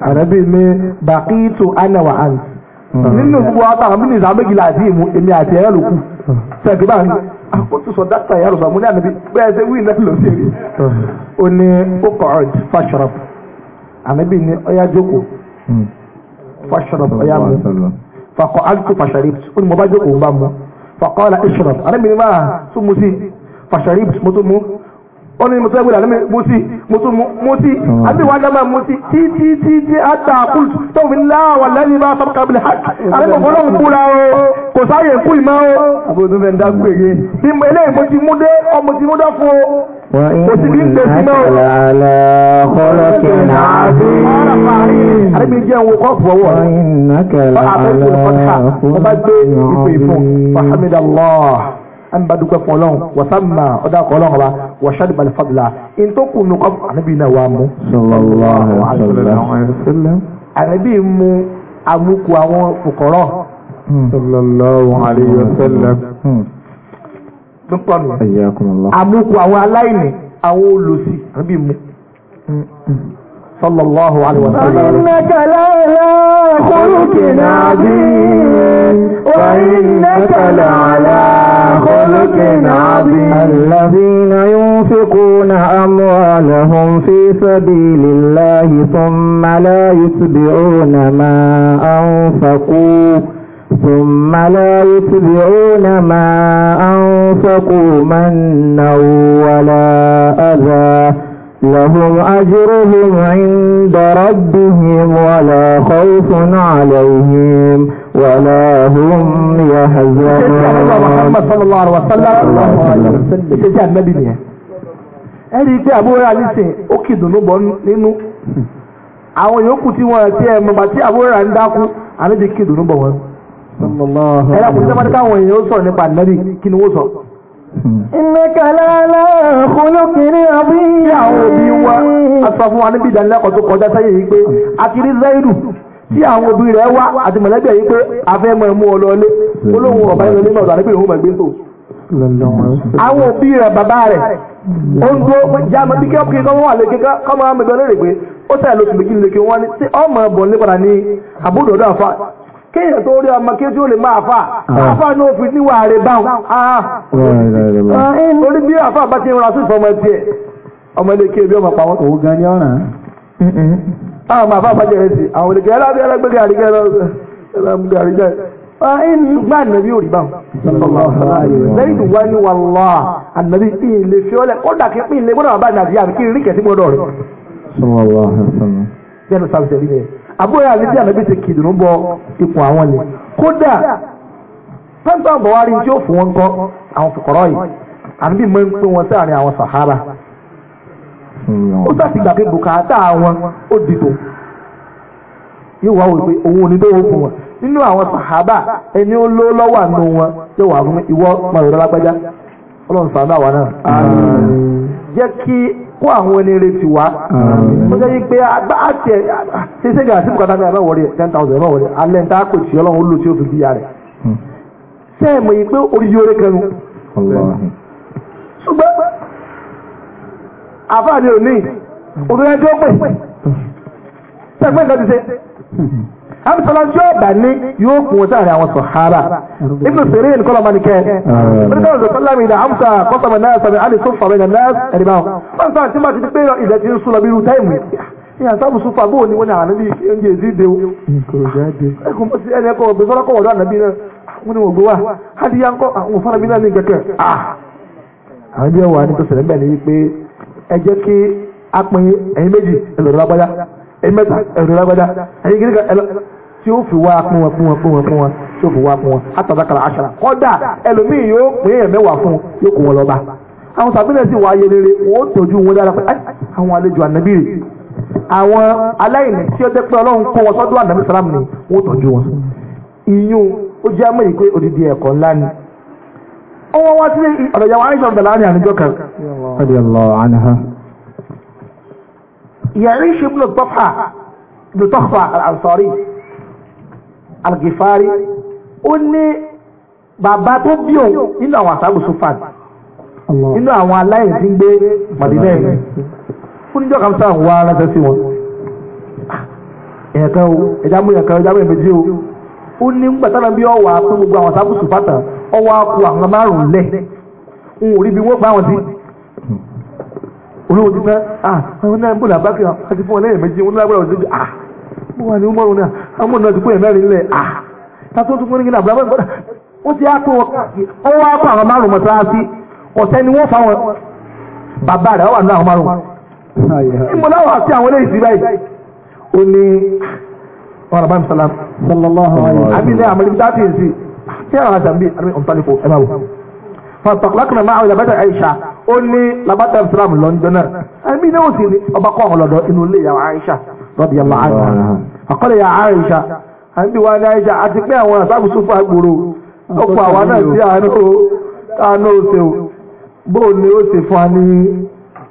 àrẹ́bí mi bàkítù anáwà hans nínú gbogbo àtàwọn mílíọ̀nù sáà méjìlá àti ìmú èmi àti ẹ̀rọ ló kù sẹ́ẹ̀kì hmm. báyìí àkóso ah, sọ dákítà ìyá rẹ̀ sọ mo ní ànábi bẹ́ẹ̀ ṣe wíì náà ló ṣe rí o hmm. ní okòròd fashrab ànábi ní ọ̀yá jókòó fashrab ọ̀yá mu fakọ̀ àdùkù fasharibtu ó ní mo bá jókòó ń bá mu fakọ̀ ọ̀la ishrab ànábi ní máa tún mu sí fasharibtu mo tún mu wọ́n ní mọ̀tò ẹgbẹ̀rún àlẹ́ mọ̀tì mọ̀tò mọ̀tì àti wọ́n dá máa mọ̀tì tí tí tí tí àtà kúlù tó ńlá wà lẹ́yìn bá sábà kábìlì hàk àlẹ́ mọ̀ fọlọ́n kúra o kò sáyè kú ìmọ̀ o. àbòdún fẹ́ dá gbèrè. bí mo eléyìí mo ti mú dé ọmọ ti mú dá fún o. kò sí bí ń pè sí náà. àlẹ́ kọ́lọ́ kọ́ọ̀fù ọwọ́ rẹ̀. ọ̀hìn nàkàlà àlẹ́ kọ́lọ́ ẹnba dúpẹ́ fún ọlọ́run wọ́sá mà ọ̀dà kọ́ ọlọ́run wa wọ́sá ní balẹ̀ fàdùlà ntòkù nù kọ́ ànábì náà wà mú. ànábì mú amúkú àwọn fòkọ̀rọ̀. Hmm. Hmm. amúkú àwọn aláìní àwọn olòṣì ànábì mú. Hmm. صلى الله عليه وسلم فإنك لعلى خلق عظيم وإنك لعلى خلق عظيم الذين ينفقون أموالهم في سبيل الله ثم لا يتبعون ما أنفقوا ثم لا يتبعون ما أنفقوا منا ولا أذى لهم أجرهم عند ربهم ولا خوف عليهم ولا هم يحزنون صلى الله عليه وسلم ẹ̀rí pé àbúrò àníṣe ó kìdùn ló bọ́ nínú àwọn yòókù tí wọ́n ti ẹ̀ mọ̀gbà tí àbúrò rà ń dákú àníṣe kìdùn ló bọ̀ wọ́n. ẹ̀rọ kùnú sábà ní káwọn èèyàn ó sọ̀rọ̀ nípa ànábì kí ni wọ́n sọ. Ìmẹ́kàlá aláàkúlókèrè àbí ìyàwó wa. A sọ fún wa níbi ìdánilẹ́kọ̀ọ́ tó kọjá sẹ́yìn yìí pé akiri Zaidu tí àwọn òbí rẹ̀ wá àti mọ̀lẹ́bí yìí pé afẹ́ mọ̀ ẹ̀mú ọlọ́lé. Olóhùn ọ̀bá ìrọ̀lẹ́ náà dàbí pé tó. Àwọn òbí rẹ̀ bàbá rẹ̀ bí kọ́ wà kọ́ mẹ́gbẹ́ lórí pé ó lóṣù méjì kéèyàn tó rí ọmọ kéjì ó lè máa fà ah. àfà ní òfin níwà rẹ̀ báwọn ah. ah. eh, orí bí àfà bá ti rọra sí ìfọmọ tiẹ̀ ọmọ ilé kí ebi ọmọ pa wọn. òun gan ni ọ̀ràn. àwọn ọmọ àfà bá jẹ ẹsẹ àwọn olùkẹ́ ẹ lábẹ́ ẹlẹ́gbẹ́ gàrí gẹ́ ẹ lábẹ́ gàrí gẹ́ gbà nàbí ò rí báwọn. lẹ́yìn tó wá ní wàllá ànàbí kí n lè fi ọ́ lẹ̀ kódà kí n lè gbọ́dọ̀ bá nàbí àbí kí n rí kẹ̀sí gbọ́dọ̀ rẹ̀. sọ́wọ́ wa sọ́wọ́. jẹ́nu sábẹ́ sẹ́rí yẹn. àbúrò àbí tí ànábì ti kìdùnú bọ ikùn àwọn lè kódà pẹ́ńtọ́ àbọ̀wárí tí ó fún wọn kọ́ àwọn yìí ń wọn sáàrin àwọn sàhárà ó sàti gbàgbé wọn ó dìbò yóò wá wò pé òun ò ní tó fún wọn nínú àwọn sàhábà ẹni ó ló lọ́wọ́ àánú wọn yóò kó àwọn eléré ti wá. mo jẹ́ yí pé àti ẹ̀ ṣe ṣe gàdí bùkátà bí abẹ́ wọlé ten thousand abẹ́ wọlé alẹ́ ń tá kò tí ọlọ́run ó lò tí ó fi bí ya rẹ̀. Hmm. ṣé ẹ mọ̀ yìí pé orí yóò kẹnu. ṣùgbọ́n àfáàní òní òdòdó ẹjọ́ pè hmm. ṣẹ́gbẹ́ nǹkan ti ṣe. Hmm abisalan tí yóò bá ní yóò kún wọn sáàrin àwọn sọ̀hárà ibùdó sèré yìí kọ́lọ̀ mani kẹ́ mínísítà ọ̀sẹ̀ tó lámì ìdá amsa kọ́sọ̀mọ̀ náà sàbẹ̀ alì tó fàmì ìdá náà ẹ̀rí báwọn wọn sáà tí máa ti di pé ìdẹ̀ ti ń sún lọ bí irú táìmù ìyá sábù sùn fàbó ni wọn ní àná bí oúnjẹ èzí ẹkùn sí ẹni ẹkọ ọgbẹ fọlọkọ wọdọ ànábì náà wọn ni wọn gbowó a hadi ya nkọ àwọn fọlọ náà ní kẹkẹ àwọn ẹbí ẹwà ni tó tí ó fi wá pín wọn pín wọn pín wọn pín wọn tí ó fi wá pín wọn àtàbàkàrà àṣàrà kọ́dà ẹlòmíì yóò pín èèyàn mẹ́wàá fún yóò kó wọn lọ bá àwọn sàbílẹ̀ sì wá ayé rere wọ́n ó tọ́jú wọn dára pé àwọn àlejò ànábì rè àwọn aláìní tí ó jẹ́ pé ọlọ́run kó wọn sọ́dọ̀ ànábì sàlámù ni wọ́n tọ́jú wọn. ìyún ó jẹ́ mọ́ ìpè odidi ẹ̀kọ́ ńlá ni ọwọ́ wá sí ọ̀dọ̀ ìyàwó àìsàn yẹ̀rí ṣe bí lọ́tọ́fà lọ́tọ́fà àǹsọ̀rí algifari ó ní bàbá tó bí òun nínú àwọn àṣàbù sufan nínú àwọn aláìsí gbé màdínà ẹ̀mí ó níjọ́ kan sáà wá ránṣẹ́ sí wọn ẹ̀ẹ̀kan o ẹ̀já mú ẹ̀ẹ̀kan ẹ̀já mú ẹ̀mẹ́jì o ó ní gbàtàlà bí ọwà pé gbogbo àwọn àṣàbù sufata ọwọ́ akọ àwọn márùn-ún lẹ̀ n ò rí bí wọ́n pa àwọn sí olóhùn ti fẹ́ ah àwọn náà ń bò lábákẹ́ àti fún ọ lẹ́yìn méjì wọn lágbára òṣèlú ah mo wà ní umaru náà àwọn náà ti kó ẹ̀mẹ́rin nílẹ̀ à tàbí ó tún fún nígbà abúlé gbọ́dọ̀ ó ti á tó ó wá pa àwọn márùn mọ́sálásí ọ̀sẹ̀ ni wọ́n fa wọn bàbá rẹ̀ wà ní àwọn márùn ìmọ̀lá wà sí àwọn eléyìí sí báyìí ó ní wọn rà bá mi sàlám àbí ní àmọ́ ibi dáàbì sí sí àwọn àjàmbí àbí ọ̀ntàlẹ́kọ̀ ẹ máa àwọn ìlàbàtà àkọlẹ̀ yà àìṣà àbí wa ní àìṣà àti pé àwọn àbábù sófò àgbòrò ọ̀pọ̀ àwa náà sí àánú òsè o bóò ni ó ṣe fún wa ní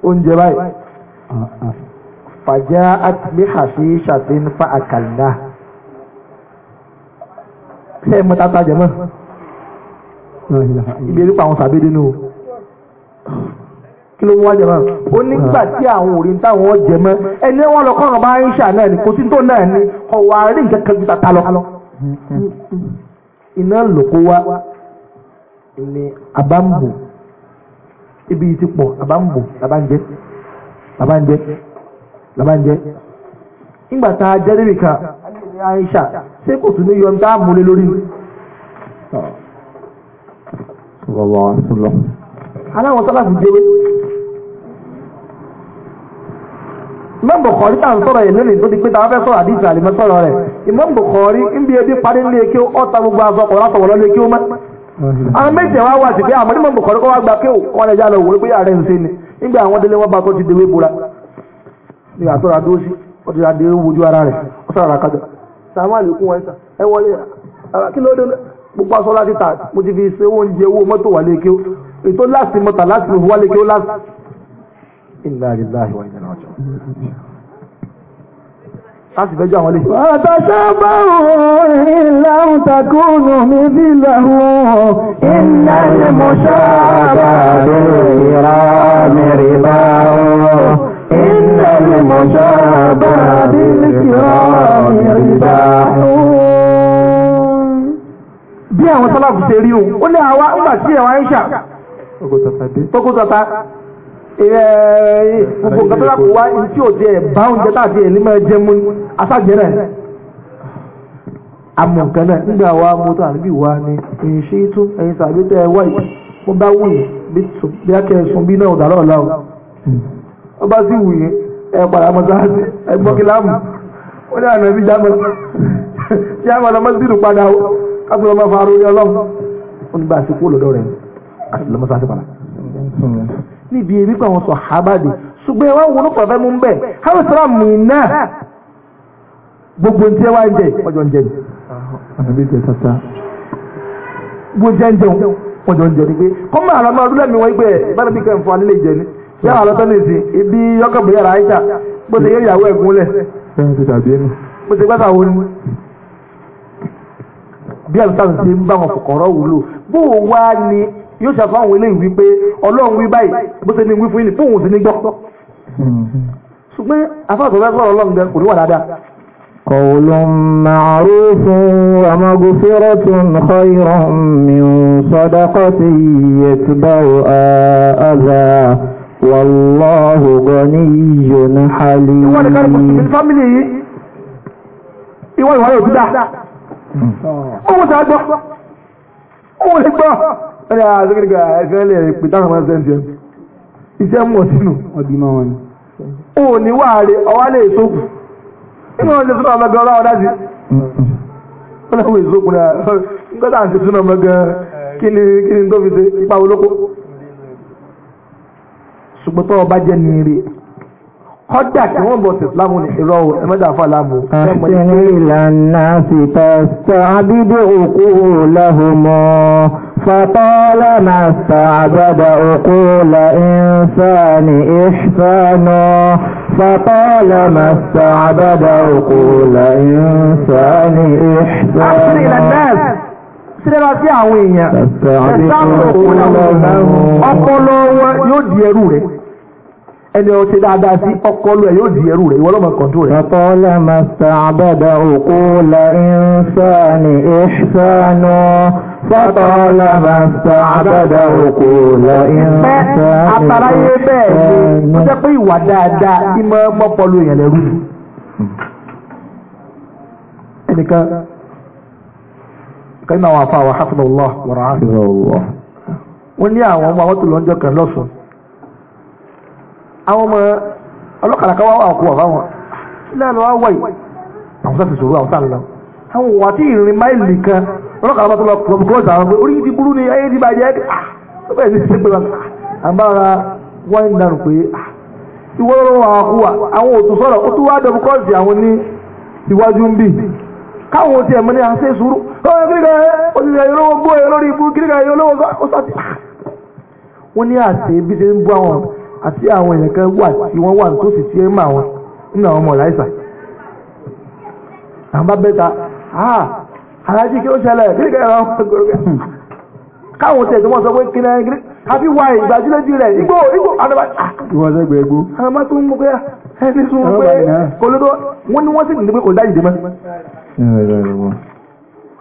oúnjẹ báyìí. fàjá àtìlẹ́ àfi ṣàfihàn fa àkàlà ṣé mo ta tajà mọ́ ibi erépa àwọn sàbédé nù kí ló ń wájà máa ó nígbà tí àwọn òrìn táwọn jẹ mọ́ ẹni wọn lọ kọ́ràn bá ń ṣà náà ni kò sí náà ni ọ̀wà rí nǹkan kan ju tata lọ. iná lòkó wá ni àbámbò ibi yìí ti pọ̀ àbámbò làbájẹ́ làbájẹ́ làbájẹ́ nígbà tá a jẹ́ níbi kan Aisha ṣé kò tún ní yọ ní tá a múlé lórí aláwọn sálàfù jẹ́wé Imam Bukhari tá a ń sọ̀rọ̀ yẹn lónìí tó di pé táwọn fẹ́ sọ̀rọ̀ àdìsí àlìmọ́ sọ̀rọ̀ rẹ̀ Imam Bukhari ń bí ebi parí ní eke ọ̀ta gbogbo aṣọ ọ̀rọ̀ àtọ̀wọ̀lọ́ ní eke ó mọ́. àwọn méjì wá wá sí pé àmọ́ Imam gba kí wọ́n lè já lọ wọlé nígbà àwọn délé wọn bá tó ti bora ní àtọ́ra ti ara rẹ̀ sọ̀rọ̀ wọn ẹ wọlé ilà ilà ìwà ìdáná ọjọ́. a sì fẹ́ jọ àwọn léṣe. àtàṣà bá òun ìlà ń takùnù mi bí làwọn iná ni mo ṣáàbà lè ra mẹ́rì bá wọn. iná ni mo ṣáàbà lè ra mẹ́rì bá wọn bí àwọn sọ́láàbù ṣe rí o ó ní àwa ńgbà tí ẹ̀wọ̀n aisha tókótọ́ta gbogbo nǹkan tó lápò wá ibi tí ò jẹ bá oúnjẹ tàbí ẹ̀ ní máa jẹ mú aṣáájẹ náà àmọ̀ nǹkan náà nígbà wa mo tó àbí wa ni èyí ṣe tú ẹ̀yin tàbí tẹ́ ẹ wá yìí mo bá wù yìí bí a kẹ́ ẹ sun bí náà ọ̀dà lọ́ọ̀la o wọ́n bá sì wù yìí ẹ padà mọ́ sáà ẹ gbọ́ kí láàmù ó ní àná ẹbí jámọ́ jámọ́ lọ́mọ́ sí ìlú padà o kápẹ́ lọ́mọ́ fa arúgbó ọlọ́run ó ní bá a ti kú lọ́dọ̀ rẹ̀ àti sáà ti padà. níbi èrí pé àwọn sọ̀hábàdì ṣùgbọ́n ẹwà wọn lọ́pọ̀ fẹ́ mú ń bẹ̀ hàn gbogbo nje wá ń jẹ ọjọ́ ń jẹ gbogbo jẹ ń ọjọ́ ń jẹ ní pé wọ́n gbé bí kẹ́hìn fún wa nílé ìjẹ ní. ibi yọkọ̀bù yàrá àyíṣà bó ṣe yẹ ìyàwó ẹ̀gún lẹ̀. bí yóò ṣe fún àwọn eléyìí wípé ọlọ́run wí báyìí bó ṣe ní wí fún yìí fún òun sì ní gbọ́. ṣùgbọ́n afáàtọ̀ fẹ́ sọ̀rọ̀ ọlọ́run gan kò ní wà dáadáa. قول معروف ومغفرة خير من صدقة يتبعها أذى والله غني حليم ìwọ́n ìkàrí mùsùlùmí fámílì yìí ìwọ́n ìwọ́n yóò dúdà ó wọ́n tàá gbọ́ ó wọ́n lè gbọ́ wọ́n yà àzíkìríkà ẹ̀fẹ́ lè máa ń ẹ̀ iṣẹ́ mọ̀ sínú ọ̀dìmọ̀ wọn ni. o ní wàhálẹ̀ ọwá lè sókù nínú ọjọ́ sọ́nà ọmọ gan ọlọ́wọ́ dájú wọ́n lọ́wọ́ ìsókù náà nǹkan tá à gan kí kí ni tó fi ṣe ipa olóko. ṣùgbọ́n ọba jẹ́ ní rí kọ́dà kí wọ́n bọ̀ sí islam ní irọ́ fà láàmú. àṣìlè فطالما استعبد عقول إنسان إحسانه فطالما استعبد عقول إنسان إحسانه إلى الناس Sílẹ́bà sí àwọn èèyàn, ẹ̀sáàmù òkúlà ọpọlọ wọn yóò di ẹrú rẹ̀. Ẹni ó ti dáadáa sí ọpọlọ ẹ̀ yóò di ẹrú rẹ̀, ìwọ́lọ́mọ kọ̀ǹtò rẹ̀. فطالما استعبد عقول إنسان إحسانه Fọ́tọ́lọ́bà sàbádà òkú lọ ìrìnàṣẹ́. Àtàráyé bẹ́ẹ̀ ni, ó jẹ́ pé ìwà dáadáa tí mọ́ mọ́pọ̀lú èèyàn lẹ́rú. kan náà wà fún àwọn hafidhullah wa rahimahullah. Wọ́n ní àwọn ọmọ àwọn tó lọ́njọ́ kan lọ́sùn. Àwọn ọmọ ọlọ́kadà kan wá wà kú ti sòrò àwọn kan ọlọ́kàá bá tó lọ propose àwọn pé orí ti burú ni ayé ti bàjẹ́ ah ó bẹ̀rẹ̀ sí ṣe pé ah, àbára wọ́n dànù pé ah, ìwọ lọ́wọ́ àwọn kú wa àwọn òtún sọ̀rọ̀ ó tún wá dẹ̀bù kọ́ọ̀sì àwọn ní iwájú ń bì káwọn ti ẹ̀mọ́ ní àṣẹ ìṣúrú lọ́wọ́ kíríkà òṣìṣẹ́ olówó gbó ẹ̀ lórí ibú kíríkà olówó ó sọ́ọ̀tì. Ah. wọ́n ní àṣẹ bí ṣe ń bú àwọn àti àwọn èèyàn kan wà tí wọ́n wà tó sì ti ẹ̀ mọ́ àwọn nínú àwọn ọmọ láìsà. àwọn bá bẹ́ta ah alájí kí ó ṣẹlẹ̀ kí nìkan ẹ̀rọ ọgbọ̀gbẹ̀ káwọn tẹ̀ tó wọ́n sọ pé kí náà gírí àfi wá ìgbàjúlẹ́jì rẹ̀ igbó igbó àdàbà ìwọ́sẹ̀gbẹ̀ igbó àmọ́ tó ń mú pé ẹni sún wọn pé kò lódó wọn ni wọ́n sì ní pé kò dáyìí dé mọ́.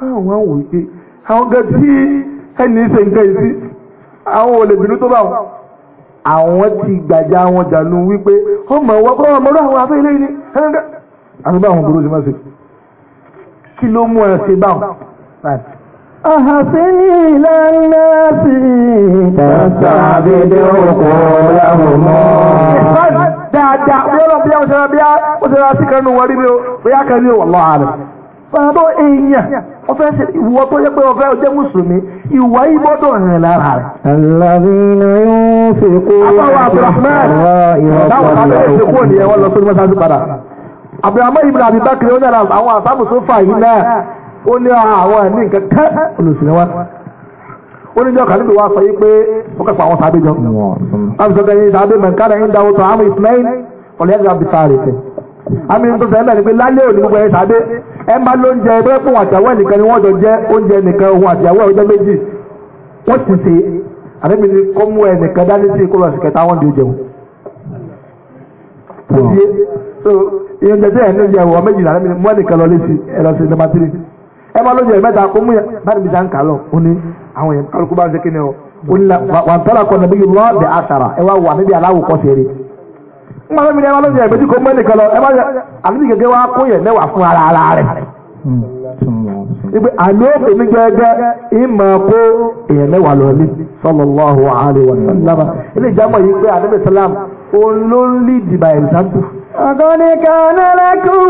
àwọn wò pé àwọn gan tí ẹni ṣe nǹkan yìí sí àwọn ò bínú tó bá wọn. àwọn ti gbàjà wọn dànù wípé ọmọ wọn kọ́ ọmọ ọlọ́run àfẹ́ ilé yìí ni àti àwọn burú ti má ṣe kí ló mú ẹ ṣe báwọn. أحسن إلى الناس تستعبد عقولهم dáadáa bóyá lọ bóyá òṣèré ṣe ìwọ tó yẹ pé ọfẹ ọjẹ mùsùlùmí ìwà yìí gbọ́dọ̀ lára rẹ. alábìínà yóò fi kó. abáwọ abdulrahman báwo ni abẹ́rẹ́ abdulhamid ibn abibakar ó nára àwọn àsámùsùn fà yìí náà ó ní àwọn ẹ̀mí nǹkan kẹ́ olùsìnwá oníjọ́ kàlíbì wa sọ yìí pé wọ́n kẹ́kọ̀ọ́ àwọn sábẹ́ jọ. láti sọ pé ẹyin sábẹ́ mẹ̀ǹkádà yín dáwọ́ tó àwọn ìsìnlẹ́yìn ọ̀lẹ́gbẹ̀ẹ́ abisari fẹ́. àmì ń tọ́sẹ̀ ẹ̀mẹ́rin pé lálẹ́ òní gbogbo ẹ̀yin sábẹ́ ẹ̀ máa lóúnjẹ ẹgbẹ́ fún àtìyàwó ẹnìkan ni wọ́n jọ jẹ oúnjẹ nìkan ohun àtìyàwó ọjọ́ méjì wọ́n ti ṣe àbẹ́bí ni kọ́mú ẹnìkan dání sí kó lọ sí kẹta wọn di jẹun. òbíye so ìyẹn ndị ẹ̀ ní na méjìlá rẹ̀ mú ẹnìkan lọ léṣi ẹ lọ sí nọ́mbà tírì ẹ máa lóye mẹ́ta kó mú yẹn bá níbi sáǹkà lọ ó ní àwọn yẹn kálukú bá ń sékè ní ìgbé àlọ́ òfin gẹ́gẹ́ ìmọ̀ kó èèyàn mẹ́wàá lọ ní sallallahu alaihi wa sallam ilé ìjámọ̀ yìí pé àdébẹ̀ sálám òun ló ń lì dìbà ìsáǹtù. لقد كان لكم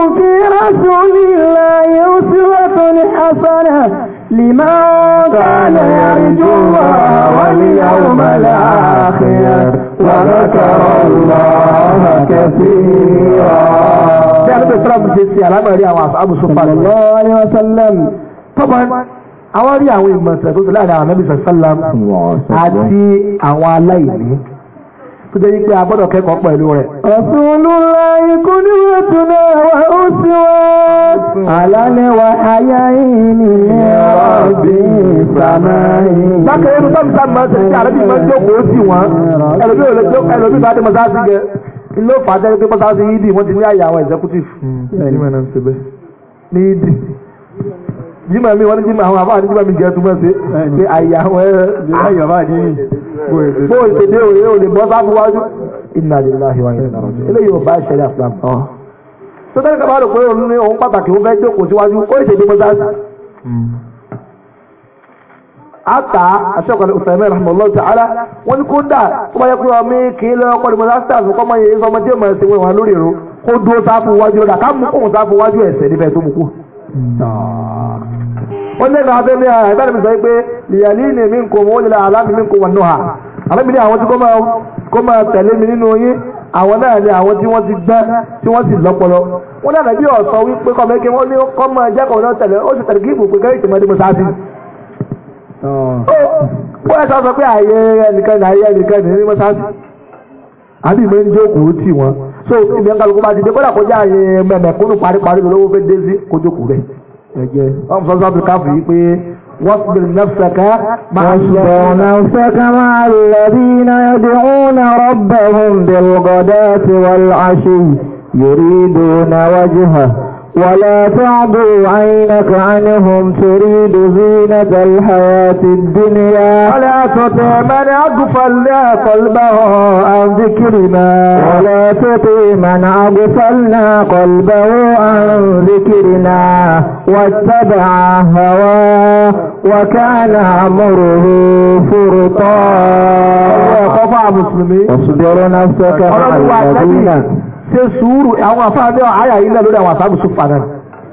bí alẹ́ sọ́làmù ṣe ṣe alámọ̀rí àwọn àbùsùn fàlẹ́. àwọn rí àwọn ìmọ̀tẹ̀ tó tẹ̀lé àwọn anábì sàlám àti àwọn aláìní tó jẹ́ pé a gbọ́dọ̀ kẹ́kọ̀ọ́ pẹ̀lú rẹ̀. ọ̀sùnlúlá ikú ní ìtúná wa ó sì wá. àlálẹ́ wa ayá yìí ni ọ̀bí ìsàmá yìí. bákan nínú sábìsà máa ń sí wọn ló fà á jẹ́ pé pátá sí yídì wọ́n ti ní àyà àwọn executive. Hmm, jimá náà ń ṣe bẹ́ẹ̀. ní yídì jimá mi wọ́n ní jimá àwọn àbáwá ní jimá mi jẹ́ túmọ̀ sí pé àyà àwọn ẹ̀rọ. bó o ṣe dé òye ò lè bọ́ sáfù wájú. inna lillahi wa inna ilaihi raji'un eléyìí ò bá ṣẹlẹ̀ àfúlà mọ́. sọ́tẹ́ni kaba rò pé òun ní òun pàtàkì òun fẹ́ jókòó síwájú ó ṣèdè mọ́sáàsì. Hmm ata aṣọ́kọ̀ọ́ ọ̀sẹ̀mẹ́ rahmanullah ta'ala wọ́n ní kó dà tó bá yẹ kó ọmọ kì í lọ ọkọ̀ ìmọ̀ lásìtàsì kọ́ mọ̀ yẹn sọmọdé mọ̀ ẹ̀sìn wọn lórí ìrún kó dúró sáfù wájú rẹ̀ ká mú kóhùn sáfù wájú ẹ̀sẹ̀ níbẹ̀ tó mú kú. ó ní ẹ̀ka abẹ́lé ẹ̀bẹ́ mi sọ pé ìyàlí ni mi kò wọ́n nílẹ̀ aláàbí mi kò wọ́n nù ha àbẹ́bí ni àwọn tí kò máa tẹ̀lé mi nínú yín àwọn náà ni àwọn tí wọ́n ti gbẹ́ tí wọ́n sì lọ́pọlọ wọ́n náà nàbí ọ̀sán wípé kọ́mẹ́kẹ́ wọ́n ní kọ́mọ ẹ̀jẹ̀ kan náà tẹ̀lé ó sì tẹ̀lé kí ìbùkún kẹ́rì tòmọ́dé mọ́sáàsì wọ́n ẹ̀ sọ pé àyè ẹnìkan ní àyè ẹnìkan ní ní mọ́sáàsì àbí ìmọ̀ jókòó tì wọ́n so ìbí ń kálukú bá ti dé kódà kọjá àyè mẹ̀mẹ̀kúnnù paríparí lówó fẹ́ dé sí kójókòó rẹ̀ ẹ̀jẹ̀ ọmọ sọ́sọ́ Áfíríkà fún yìí pé واصبر نفسك واصبر نفسك مع الذين يدعون ربهم بالغداة na يريدون وجهه ولا تعدوا عينك عنهم تريد زينة الحياة الدنيا ولا تطع من أغفلنا قلبه عن ذكرنا ولا تطع من أغفلنا قلبه عن ذكرنا واتبع هواه وكان أمره فرطا يا مسلمين اصبر نفسك مع الذين ṣe sùúrù àwọn afáàbí àyà ilẹ̀ lórí àwọn àtàkùn sùpà náà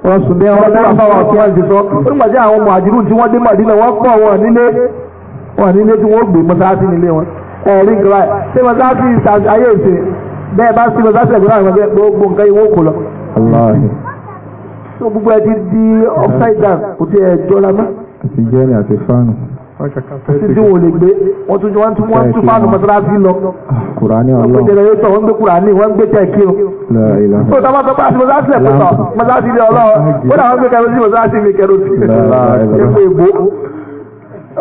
wọ́n sùn ní ọwọ́ náà fáwọn ọ̀tún wọn ti sọ nígbà tí àwọn mọ̀àjírù tí wọ́n dé mọ̀dínà wọ́n pọ̀ wọn nílé wọn nílé tí wọ́n gbé mọ́sáàsì nílé wọn ẹ̀rí gbọ́ ṣé mọ́sáàsì ayé ìsìn bẹ́ẹ̀ bá sí mọ́sáàsì ẹ̀gbọ́n àwọn ọmọdé gbogbo nǹkan yìí wọ́n kò lọ. so gbogbo ẹ ti di upside down kò tí ẹ jọra mọ́. àti jẹ́rìí àti fáànù títí tí wọ́n lè gbé wọ́n tún wọ́n tún wọ́n tún fáànù mọ́sálásí lọ. kùránì ọlọ́run wọ́n gbé jẹrẹrétọ̀ wọ́n gbé kùránì wọ́n gbé tẹ̀kí o. tó tá a bá sọ pé àti mọ́sálásí lẹ̀ pẹ̀tọ̀ mọ́sálásí lẹ̀ ọlọ́run ó dà wọ́n gbé kẹrọsí mọ́sálásí mi kẹrọsí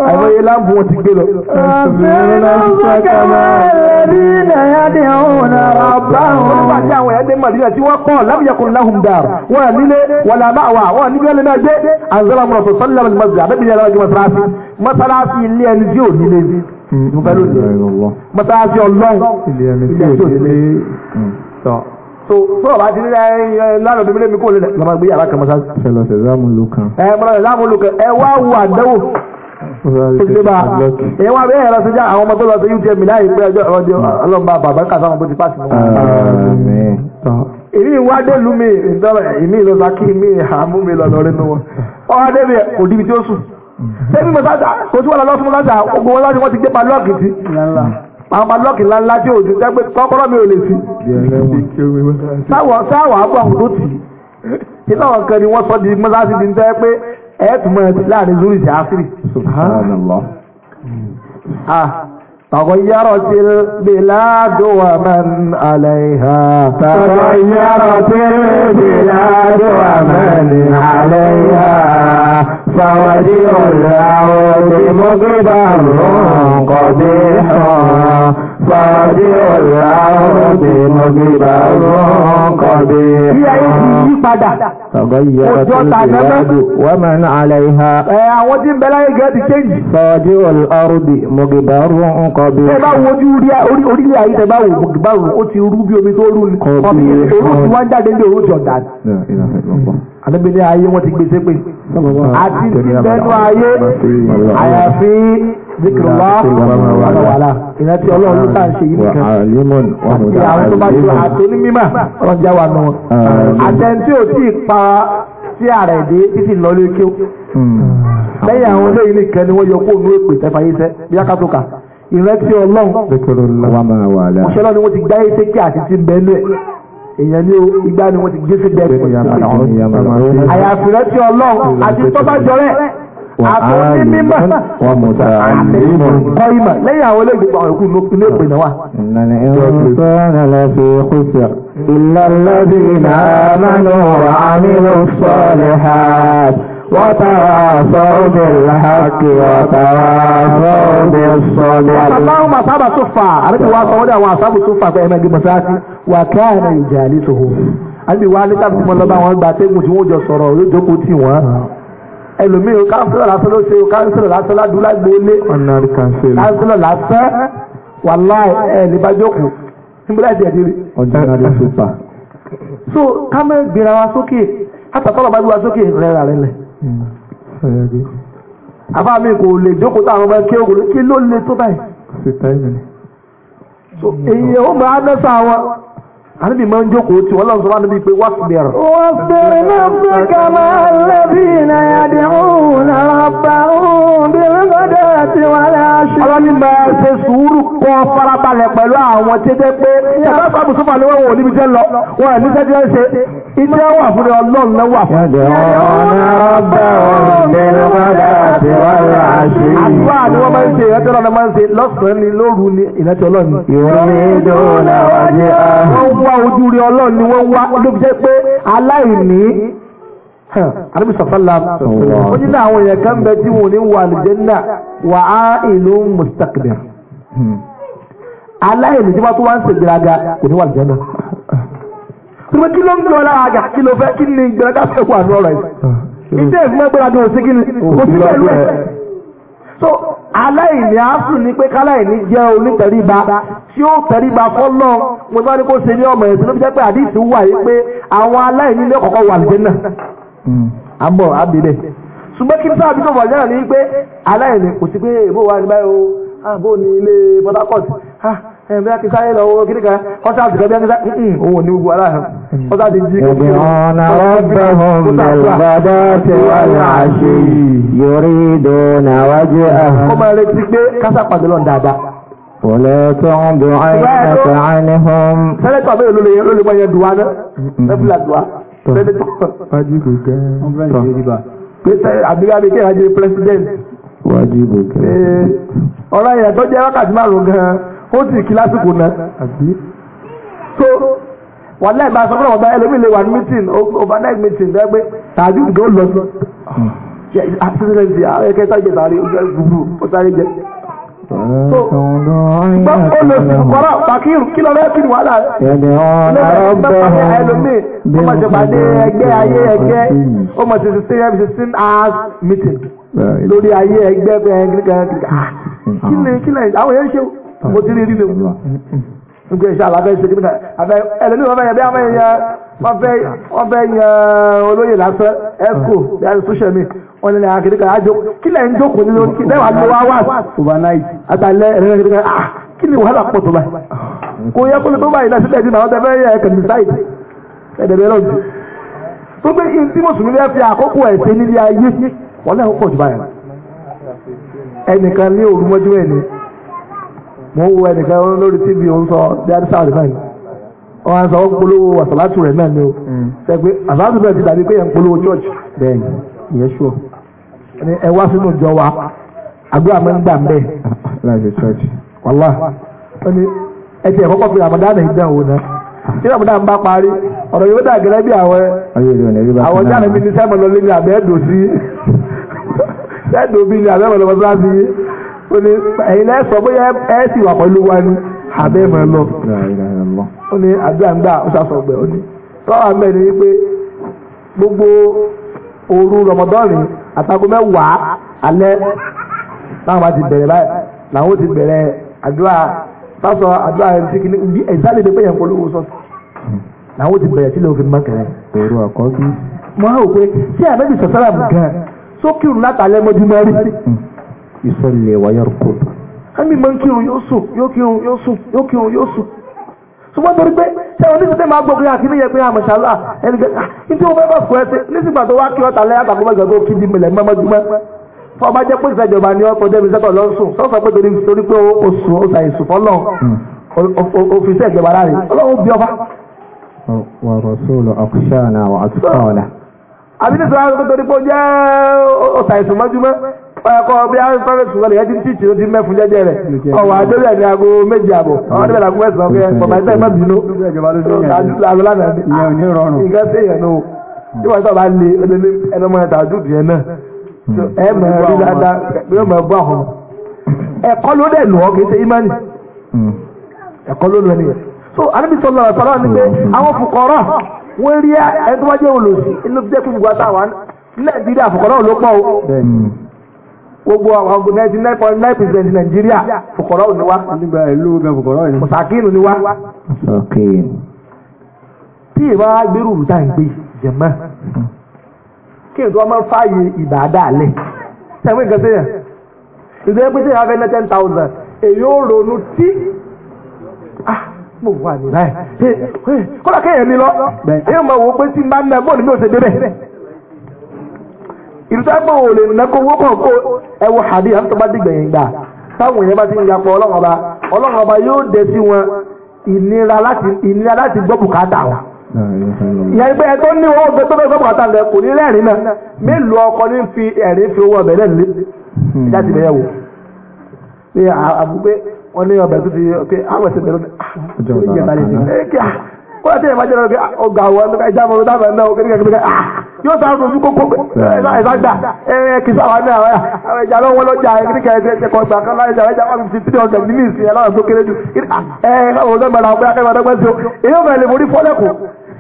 àìmọye láàbù wọn ti gbé lọ. Nígbà tí àwọn ẹ̀dẹ́ Màdínà tí wọ́n kọ́ lábìyàkùn láhùn dàr, wọ́n nílé wọ̀lá máa wà, wọ́n níbi ẹlẹ́mẹ́ gbé, àǹzọ́lá mọ̀rọ̀ tó sọ́lá mọ̀rọ̀ mọ̀sí, àbẹ́bìnrin ẹlẹ́mẹ́ gbé mọ́sálásí, mọ́sálásí ilé ẹni tí ò nílé. Mọ́sálásí ọlọ́run ilé ẹni tí ò nílé hmm. so sọ̀rọ̀ bá ti ní lánàá bíbélé mi kò lè lọ́mọ gbé yàrá kan mọ́sálásí. Ṣẹlẹ̀ ṣẹ̀zámù ló kan. Ẹ mọ́lá ṣẹ̀zámù ló kan. Ẹ wá wo àdánwò òṣèbà èyí wọn bẹ́ẹ̀ lọ sí já àwọn ọmọ tó lọ sí utm láì pé ọjọ́ ọdẹ ọlọ́mọba bàbá kàtà àwọn bó ti pàṣẹ wọn. èmi wá délùú mi ìdọ́rọ̀ èmi lọ sákì mi àmú mi lọ lọrẹ nu wọn. ọwọ́ adébẹ̀ kò díbi tí ó sùn. sẹ́mi mo sáta kò tí wọ́n lọ lọ́sùn mo sáta ogun wọn láti wọ́n ti gbé palọ́ọ̀kì ti. àwọn palọ́ọ̀kì ńláńlá tí ò lè sí. àwọn tó tì í. ìtàwọn kan ni wọ́n sọ di mọ́sáàsì di ń tẹ́ pé ẹ̀ẹ́tù mọ́ ẹ̀tì láàrin lórí ìjà áfírí. subhanallah. تغيرت البلاد ومن عليها تغيرت البلاد ومن عليها فوزير العود مقدر قبيح Sọ́dí ọ̀la ọ̀dẹ mọ̀gbìbà rọ́kọ̀dé. Bí ayé ti yí padà. Sọ̀gọ́ yìí yára tó lè wájú wọ́n máa ń alẹ́ ha. Ẹ àwọn tí ń bẹ láyé gẹ́gẹ́ ti kéjì. Sọ́dí ọ̀la ọ̀dẹ mọ̀gbìbà rọ́kọ̀dé. Ṣé bá wojú orílẹ̀ ayé tẹ bá wò mọ̀gbìbà rò ó ti rú bí omi tó wọ́n ti gbèsè pé. Àti ti ayé àyàfi zikrullah wàlàwàlà ìyẹn tí ọlọ́run ló bá ń ṣe yìí nìkan àti àwọn tó bá ti wà àti onímọ̀ ọlọ́jà wà nù. àtẹ̀ntì ò tí ì pa sí ààrẹ èdè títí lọ lé kí ó. Hmm. lẹ́yìn àwọn olóyìn nìkan ni wọ́n yọ kó òun èpè tẹ́fàyẹ́sẹ́ bí akásùkà ìrètí ọlọ́run ọ̀ṣọ́lọ́ ni wọ́n ti gbá ẹsẹ̀ kí àti ti bẹ́ẹ̀ àtúndínmímọ̀ kọ́ ìmọ̀ lẹ́yìn àwọn olóògbé àwọn ìkú ilé ìpè náà wà. ìlànà ìrọ̀sọ́nà lọ fi kú sí ọ. إلا الذين آمنوا وعملوا الصالحات وتواصوا بالحق وتواصوا بالصبر اللهم أصحاب الصفة أردت واصوا وأصحاب الصفة فإما المساكين وكان يجالسهم أبي والد أبي مولى بان باتي مجموجة صرا يجوكو تيوان ẹlòmíì o káńsílọ̀ lásán ló ṣe o káńsílọ̀ lásán ládùúgbò gbólé káńsílọ̀ lásán wàláì ẹ̀ níbàjọ́kù nígbà láti ẹ̀dí rí. ọ̀dùnrún ló fà. so ká mẹ́ gbéra wa sókè àtàkọ́lọ̀ bá gbé wa sókè rẹ́ra rẹ̀ lẹ̀. Hmm, àbá mi kò lè jókòó táwọn ọmọ kí ló le tó báyìí. èyí ò máa ń àníbi máa ń jókòó tí wọ́n lọ́nà sọ́wọ́n níbi pé wọ́n fi ẹ̀rọ. wọ́n fẹ́rẹ̀ náà fi kàmá lẹ́bí náà dẹ̀hún náà bá òun bí lọ́dọ̀ àti wọn láṣẹ. ọlọ́ni máa ṣe sùúrù kọ́ farabalẹ̀ pẹ̀lú àwọn tí ó jẹ́ pé ṣàbá fàbù sọ́fà ni wọ́n wò níbi jẹ́ lọ wọ́n ní sẹ́jọ́ ń ṣe iṣẹ́ wà fún ọlọ́run náà wà fún àdúrà ni wọ́n máa ń ṣe ìrántí ọlọ́run máa ń ṣe lọ́sàn-án ni lóru ni ìrántí ọlọ́run. ìrìnàjò làwọn ṣe à. wọ́n wá ojú rí ọlọ́run ni wọ́n wá ló fi jẹ́ pé aláìní àdúgbò sọ̀fọ́lá ó ní àwọn èèyàn kan bẹ tí wọn ò ní wà àlùjànnà wà á ìlú mustakbir hmm. aláìní tí wọ́n tó wá ń ṣègbéraga kò ní wà àlùjànnà tuma kí ló ń gbọ́ lára àgà kí ló fẹ́ kí ni ìgbẹ́rẹ́dá fẹ́ wà ní ọ̀rọ̀ yìí. Ah, iṣẹ́ ìfúnmọ́gbẹ́ra gan-an sí kí ni kò sí pẹ̀lú ẹ̀ so aláìní asù ni pé káláìní jẹ́ onítẹríba tí ó tẹríba fọ́lọ́ mo bá ní kó ṣe ní ọmọ ẹ̀sìn ló fi jẹ́ pé àdìsí wà yìí pé àwọn aláìní ilé kọ̀ọ̀kan wà lóde náà àbọ̀ hmm. àbílẹ̀ ṣùgbọ́n kí n sáà bí tó wà lẹ́yìn ní pé aláìní kò sí pé èbó wa ní báyìí o àbó ah, ní ilé Port Harcourt ah, ẹ̀bẹ́ kí sáyé lọ owó kíríkà ọ́sá àti ẹgbẹ́ kíríkà ìhìn òun ní gbogbo aláhùn ọ́sá àti jí kò fún ọ̀nà ọ̀bẹ̀hùn bẹ̀rẹ̀bẹ̀dẹ̀ tí wọ́n náà ṣe yorí dùnà wájú ẹ̀hùn. ó máa retí pé kásá pàdé lọ dáadáa. Wọlé tó ń bí àyíká àní hom. Sẹ́lẹ̀ tó àbẹ̀rẹ̀ ló lè mọ yẹn dùwà náà. Sẹ́fìlà mm-hmm. dùwà. Sẹ́lẹ̀ tó. Wájú kò kẹ́. jẹ́ wákàtí márùn-ún gan-an ó ti kí lásìkò náà àbí. so wàhálà ìbá sọ fún ọ̀gá ẹlòmíì lè wà ní meeting overnight meeting bẹ́ẹ̀ pé tàbí nǹkan ó lọ sí àtúntẹ̀sí ẹ̀kẹ́ sáàjẹ̀ sáré gbùgbù ó sáré jẹ. Gbọ́ ó lè fi kọ́ra pàkíyù kí lọ lẹ́kìn wàhálà rẹ̀. Ẹlẹ́gbẹ̀ẹ́ ẹlòmíì ó máa ṣe pàdé ẹgbẹ́ ayé ẹgbẹ́ ó máa ṣe sixteen ẹbí sixteen hours meeting lórí ayé ẹgbẹ́ bẹ́ẹ̀ kíríkà kíríkà. Kí ni kí lẹ́yìn àwọn èèyàn ṣe wò? mo ti rí rí lè wù wá nígbà iṣẹ́ alábẹ́ ṣe kíkà abẹ́ ẹlẹ́ni wọn fẹ́ yẹ bí wọn fẹ́ yẹ wọn yẹ olóyè lásán bí a wọn kí ń jókòó nínú kí ló wá ah, kí ni wàhálà báyìí kò yẹ tó báyìí àwọn mo wo ẹnìkan lórí tv òun sọ dáadé sáàrì náà wọn á sọ ó ń polówó àsàlátù rẹ̀ náà o mm. ṣe pé àsàlátù ti dàbí pé ẹ̀ ń polówó church bẹ́ẹ̀ ìyẹn ṣù ẹ wá sínú ìjọ wa àgbẹ̀ àmọ́ ń gbà ń bẹ̀ wàlá ẹ ti ẹ̀ kọ́kọ́ fi Ramadan ìdánwò náà tí ọ̀pọ̀dá ń bá parí ọ̀rọ̀ yóò dà bí àwọn àwọn jáde ní oni ní ẹ̀yin bóyá ẹ sì wà pẹ̀lú wa ni abẹ́ lọ. ó ní àdúrà ń gbà ó ṣàṣọgbẹ̀ gbogbo ooru rọmọdọ́ọ̀nì àtàgọ́ mẹ́wàá alẹ́ táwọn bá ti bẹ̀rẹ̀ báyìí làwọn ti bẹ̀rẹ̀ àdúrà sásọ àdúrà ẹ̀ ti kìíní bí làwọn ti bẹ̀rẹ̀ sílẹ̀ òfin àkọ́kí. mo á wò pé àbẹ́bí gan-an sókè ìsọ̀lẹ̀ wáyà kò tó. ẹ̀mí máa ń kírun yóò sùn yóò kírun yóò sùn yóò kírun yóò sùn. ṣùgbọ́n torí pé ṣé àwọn oníṣẹ́ máa gbọ́ pé àkíní yẹ pé àmọ̀ṣálà ah, ẹni gẹ́gẹ́ ah, ní tí wọ́n fẹ́ bá fún ẹ sí nísìgbà tó wá kí ọ̀tà lẹ́yà tàbí mọ́jọ́ tó kí di mẹ́lẹ̀ mọ́mọ́júmọ́ fọba jẹ́ pé ìṣèjọba ni ọkọ̀ débi sẹ́kọ̀ lọ sùn sọ́sọ́ pé torí pé o sùn o ṣàì sùn fọ́lọ́ òfìsẹ́ ìjọba rárẹ̀ ọlọ́run bí ọba. wà á rọ̀ṣọ́ọ̀lù ọ̀kṣáàna wà á tún kọ́ ọ̀la. àbí nítorí pé torí pé o jẹ́ o ṣàì sùn mọ́júmọ́ ọkọ bí a sọ̀rọ̀ sùn ndị ẹtí tíìtì ó ti mẹfun jẹjẹ rẹ ọwọ dị. ní aago méjì àbọ̀ ọwọ adébẹ làgùn mẹ́sàn án bàbá ẹsẹ má bínú ẹ̀kọ́ ló kì í ṣe ẹ̀kọ́ ló nìyẹn so ni pé àwọn rí tó wájú inú gbogbo àwọn ọgbọ̀n ninety nine point nine percent nàìjíríà fòkọ̀rọ̀ ò ní wá. nígbà ìlú gan fòkọ̀rọ̀ yìí. mùsàkínù ni wá. tí ìwà gbèrú ìta ń jẹ̀mọ́ kí nǹkan máa ń fààyè ìbàdà lẹ̀ sẹ́wọ́n nǹkan sẹ́yìn ìgbẹ́ pé sẹ́yìn afẹ́ ní ten thousand èyí ó ronú tí ah, mo wà ní kọ́lá kéèyàn ní lọ èyí máa wò ó pé tí n bá ń ná bọ́ọ̀lù mi ò ṣe débẹ̀. ìrúsàgbọ̀n ò lè nà kó wọ́pọ̀ kó ẹwọ hadi àti tọ́ba dìgbẹ̀yìn gbà táwọn èèyàn bá ti ń yapọ̀ ọlọ́run ọba ọlọ́run ọba yóò dẹ sí wọn ìnira láti ìnira láti gbọ́ bùkátà ẹ tó ní owó tó gbọ́ bùkátà kò ní lẹ́rìn náà mélòó ọkọ ní fi ẹ̀rín fi owó ọbẹ̀ lẹ́nu wò. àbúgbé wọn ní ọbẹ̀ tó ti kọ́lá tẹ́yẹ̀ máa jẹ́rọ ọgá àwọn ẹ̀mẹ́ka ìjà mọ̀ dábà náà ó kékeré kékeré ah yóò sá àrùn fún kókó ẹ̀sàgbà ẹ̀ kìsà wà ní àwọn ẹ̀jà lọ́wọ́ lọ́jà kékeré kékeré kọ́ gbà kan láyé ìjà wà fífi tí ọ̀sẹ̀ nínú ìsìn ẹ̀ láwọn tó kéré jù ẹ̀ káwọn ọ̀sẹ̀ mọ̀ràn àpẹ́ akẹ́kọ̀ọ́ dọ́gbẹ́ sí o èyí ò fẹ́ lè mórí fọ́lẹ́kù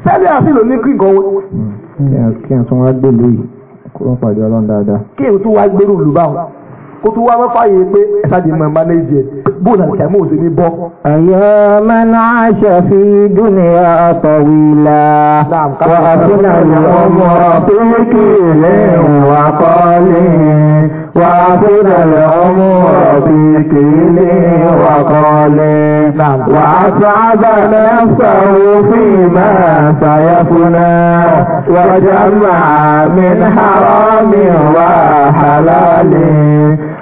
sẹ́lẹ̀ àti lò ní kí nǹkan wo. kí n tún wá gbèrú ìlú báwọn kó tún wá mọ́fàyè pé ẹ̀sà di mọ̀ mánéjì ẹ̀ bó làwọn ìkàmú òsè ní bọ́. ẹ̀yọ́ mẹ́nu àṣẹ fi dúnìyà ọ̀tọ̀wì la wà á fún àwọn ọmọ tó kí ilé ìwà kọ́lé. وعبد الأمور في كيله وقاله وأصعب نفسه فيما سيفنى وجمع من حرام وحلال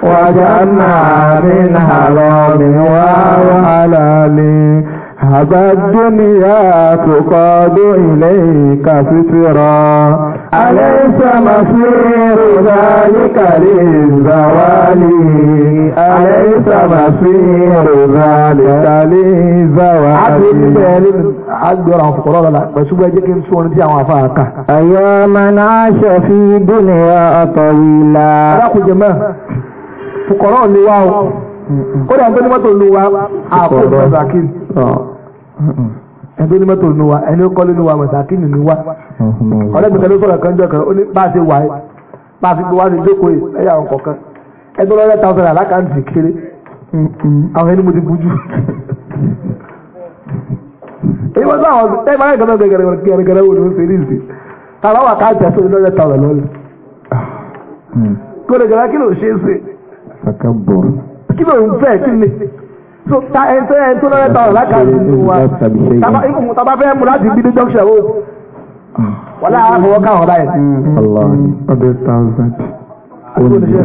وجمع من حرام وحلال هذا الدنيا تقاد إليك فترا أليس مصير ذلك للزوال أليس مصير ذلك للزوال agbára àwọn kòkòrò ọ̀la pẹ̀sùgbọ́ ẹjẹ́ kí n sún orin tí àwọn afá àkà. ẹ̀yọ́ mẹ́nà aṣọ fi dúnìyà ọ̀tọ̀wìlà. alákùnjẹ mọ́ kòkòrò ni wá o kódà ń gbé ní mọ́tò lu wa àpò ìgbàsàkì ẹni tó ní mọ́tò nínú wa ẹni ó kọ́lé nínú wa mọ̀sákì nínú wa ọ̀rẹ́gbẹ̀kẹ́ ló sọ̀rọ̀ kan jọ kan ó ní bá a ṣe wà á bá a fi gbé wá ní ìjókòó yìí ẹ̀yà àwọn kọ̀ọ̀kan ẹgbẹ́ lọ́rẹ́ táwọn sọ̀rọ̀ alákàntì kéré àwọn ẹni mo ti bujú. èyí wọ́n sọ àwọn ẹ máa ń gbọ́dọ̀ gẹ̀rẹ́gẹ̀rẹ́ wo ni ó ṣe ní ìsìn tàbá wà káàtì àti olùdọ́jẹ́ táwọn lọ́rẹ́ kó lè gẹ̀rẹ́ kí ló ṣe é ṣe. kí ló ń fẹ́ kí ni ta ẹni tó ẹni tó lọ́rẹ́ ta ọ̀rọ̀ lákàtúntì nínú wa tàbá ìmùmù tàbá fẹ́ mú láti bí ah. mm. ní junction road wọ́n láà fọwọ́ káwọn báyìí. ọlọ́run ọdẹ thousand oúnjẹ.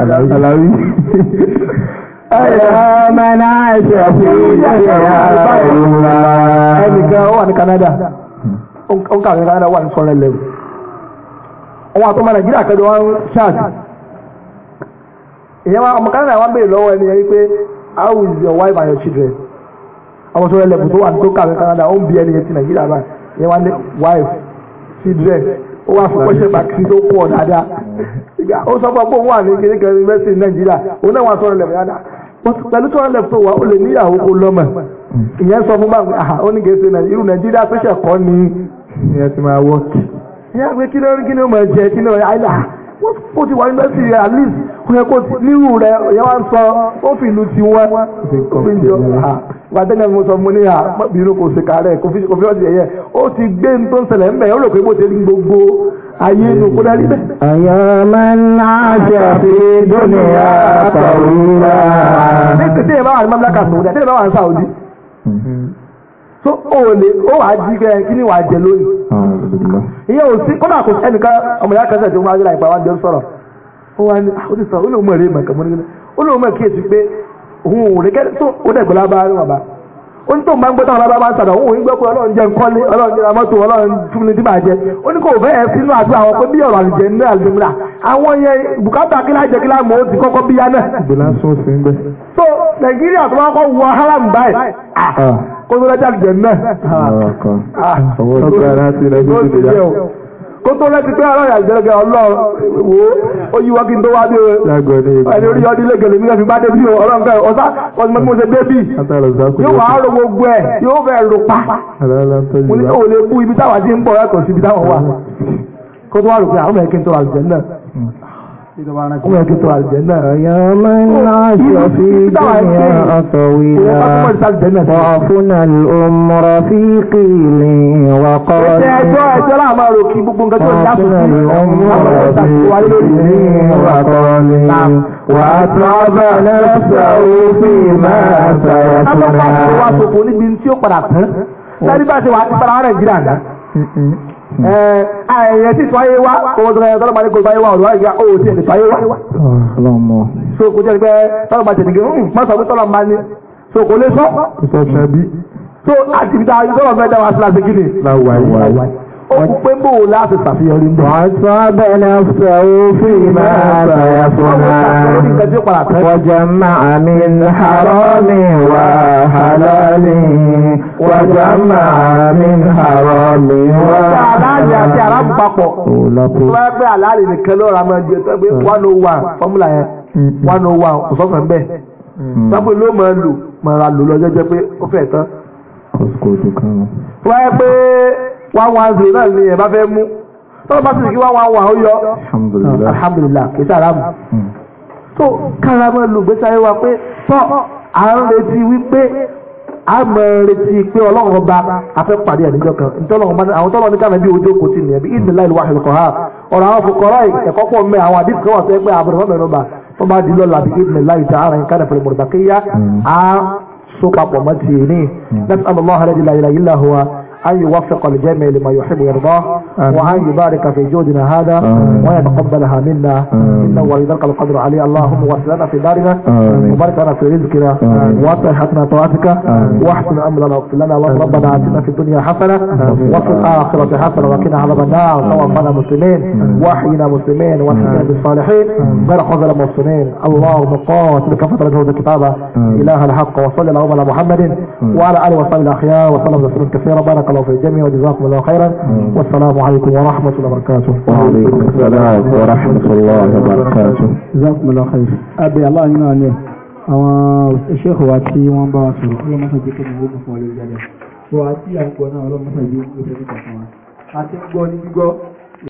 Alawi. Ọlọ́mọ náà ṣe fún ìyá ẹnìkan ó wà ní Canada. Hmm. Ó ń kàwé Canada wà ní Sọ́rẹ́lẹ̀. Àwọn àtọ́mọ Nàìjíríà kẹ́jọ ṣáàtì ìyẹn wa ọmọ Canada wa béèrè lọ́wọ́ ẹni yẹn pé how is your wife and your children ọmọ tó rẹlẹ̀ bùtó wà tó kà ní Canada ó ń bí ẹni yẹn ti Nàìjíríà báyìí ìyẹn wa ní wife children ó wà fún pẹ́sẹ̀ bàkì tó pọ̀ dáadáa ó sọ pé ó wà ní kékeré yunifásitì Nàìjíríà òun náà wà tó rẹlẹ̀ dáadáa pẹ̀lú tó rẹlẹ̀ tó wà ó lè níyàwó kó lọ́mọ ìyẹn sọ fún báwọn àhà ó ní gèsè irú Nàìjíríà pẹ́sẹ̀ kọ́ ni ìyẹn ti máa wọ́ọ̀kì ìyẹn pé kí ló ń kí ló máa jẹ kí ló ń ó ti wà nígbà sí ẹ at least kò yẹ kó nírú rẹ yẹ wá sọ ó fi ìlú ti wọ́n ó fi jọ ha gbàdẹ́gà mo sọ mo ní ha bínú kò sí kàárẹ̀ kò fi ọ̀sẹ̀ yẹ ó ti gbé ní tó ń ṣẹlẹ̀ ń bẹ̀ ó rò pé bó ṣe ní gbogbo ayé inú kó dárí bẹ́ẹ̀. àyà máa ń ná àṣẹ àti dúnìyà pàrọ̀ wúrà. ní tètè bá wà ní mamlaka sòwòdì àti tètè bá wà ní sàwòdì. So, o lè ó wàá jí kẹ kí ni wàá jẹ lónìí. ìyẹn ò sí kódà kò sí ẹnìkan ọmọ ìyá kẹsẹ̀ tó máa ń láì pa wá jẹun sọ̀rọ̀ ó wá ní ah, ó ti sọ ó lóun mọ̀ èrè mọ̀ kàmú nígbà ó lóun mọ̀ kíyèsí pé òun ò rí kẹ́ tó ó dẹ̀ gbọ́lá bá bá ó ní tó máa ń gbọ́ táwọn alábá bá ń sàdọ̀ òun gbọ́ pé ọlọ́run jẹ́ nkọ́lé ọlọ́run jẹ́ amọ́tò ọlọ́run fún ní dìbà jẹ́ ó ní kò fẹ́ ẹ sínú àdúrà wọn pé bí ọ̀rọ̀ àlùjẹ ní àlùmírà àwọn yẹn bùkátà kílá jẹ kílá mọ́ ó ti kọ́kọ́ bí yá náà. ìgbìlá sún sí ń gbẹ. so nàìjíríà tó bá kọ́ wọ haram báyìí kó tó lọ́jà àlùjẹ náà kó tó lẹ́ti pé aláya ìgbẹ́lẹ́gẹ́ ọlọ́run wo ó yí wọ́n kí n tó wá bí o ẹni orí ọdún ilé gèlè nígbà fi bá débi o ọlọ́run fẹ́ ọ̀sá ọ̀sùnmọ́ tí mo ṣe débi yóò wá ro gbogbo ẹ̀ yóò fẹ́ ro pa mo ní òòlè kú ibi táwa ti ń bọ̀ ẹ̀kọ́ sí ibi táwọn wà kó tó wá rò pé àwọn ẹ̀kí ń tó àlùjẹ́ náà. Hmm. Kuma ki to aljanna ya oh, man asha al-umra wa qala eh, eh, eh, wa qala wa ẹ̀yẹ tí sọ ayé wá owó tọ́lọ́mà ní kò báyé wá ọ̀rọ̀ àyíká ó tí ẹ̀ sọ ayé wá. Ah, so kò jẹ́ pé tọ́lọ́mà tẹ̀ nìkan hmm, má sọ tọ́lọ́mà ni so kò lè sọ. so àti ìdá tọ́lọ́mà fẹ́ wa sílá sí kí ni. Òkú pé bò láti ṣàfihàn ní. Ọ̀sán abẹ́lẹ̀ ọ̀sẹ̀ òfin máa bẹ̀rẹ̀ fún wa. Wọ́jà máa mi hàrọ́ mi wà hàlálì. Wọ́jà máa mi hàrọ́ mi wà hàlálì. Àláàlì àti àràbù papọ̀. Tó bá pẹ́ nìkan ló ra máa jẹ tó pé one oh one fọ́múlà yẹn one oh one kò sọ́kàn bẹ́ẹ̀. Sábà ló máa lò máa lò lọ jẹ́jẹ́ pé ó fẹ́ tán. Kò sí kò tó kàn Wọ́n yẹ pé one one zero náà ni ẹ̀ bá fẹ́ mú tọ́lọ́ bá sì kí one one one ó yọ alhamdulilah kì í sàrámù tó kárámọ́ lùgbésí ayé wa pé tọ́ à ń retí wípé a mọ̀ retí pé ọlọ́run ọba afẹ́ pàdé ẹ̀níjọ́ kan àwọn tọ́lọ́ ní káàmì bí ojú kò sí nìyẹn bí ìdílé ìlú wàhálà kọ̀ ha ọ̀rọ̀ àwọn fòkọ́rọ́ ẹ̀kọ́ pọ̀ mẹ́ àwọn àdìsí kan hmm. sẹ́gbẹ́ àbúrò أن يوفق الجميع لما يحب ويرضاه وأن يبارك في جودنا هذا ويتقبلها منا إنه ولي ذلك القدر عليه اللهم وسلنا في دارنا وبارك لنا في رزقنا وأصلح حسنا طاعتك واحسن أمرنا واغفر لنا اللهم ربنا آتنا في الدنيا حسنة وفي الآخرة حسنة وكنا عذاب النار توفنا مسلمين وأحينا مسلمين وأحينا بالصالحين غير حزن المحسنين اللهم قاتلك فترة جهود الكتابة إله الحق وصلى اللهم على محمد وعلى آله وصحبه الأخيار وسلم كثيرا بارك الله في الجميع وجزاكم الله خيرا والسلام عليكم ورحمة الله وبركاته وعليكم السلام ورحمة الله وبركاته جزاكم الله خير أبي الله ينعني àwọn ṣẹ́kọ̀ wa tí wọ́n bá wa sọ̀rọ̀ ọlọ́ mọ́sàn jẹ́ kẹ́kẹ́ ogun fún ọlọ́ ìjọba wọ́n àti àgbọ̀ náà ọlọ́ mọ́sàn jẹ́ ogun fún ọlọ́ ìjọba àti gbọ́ ní gbígbọ́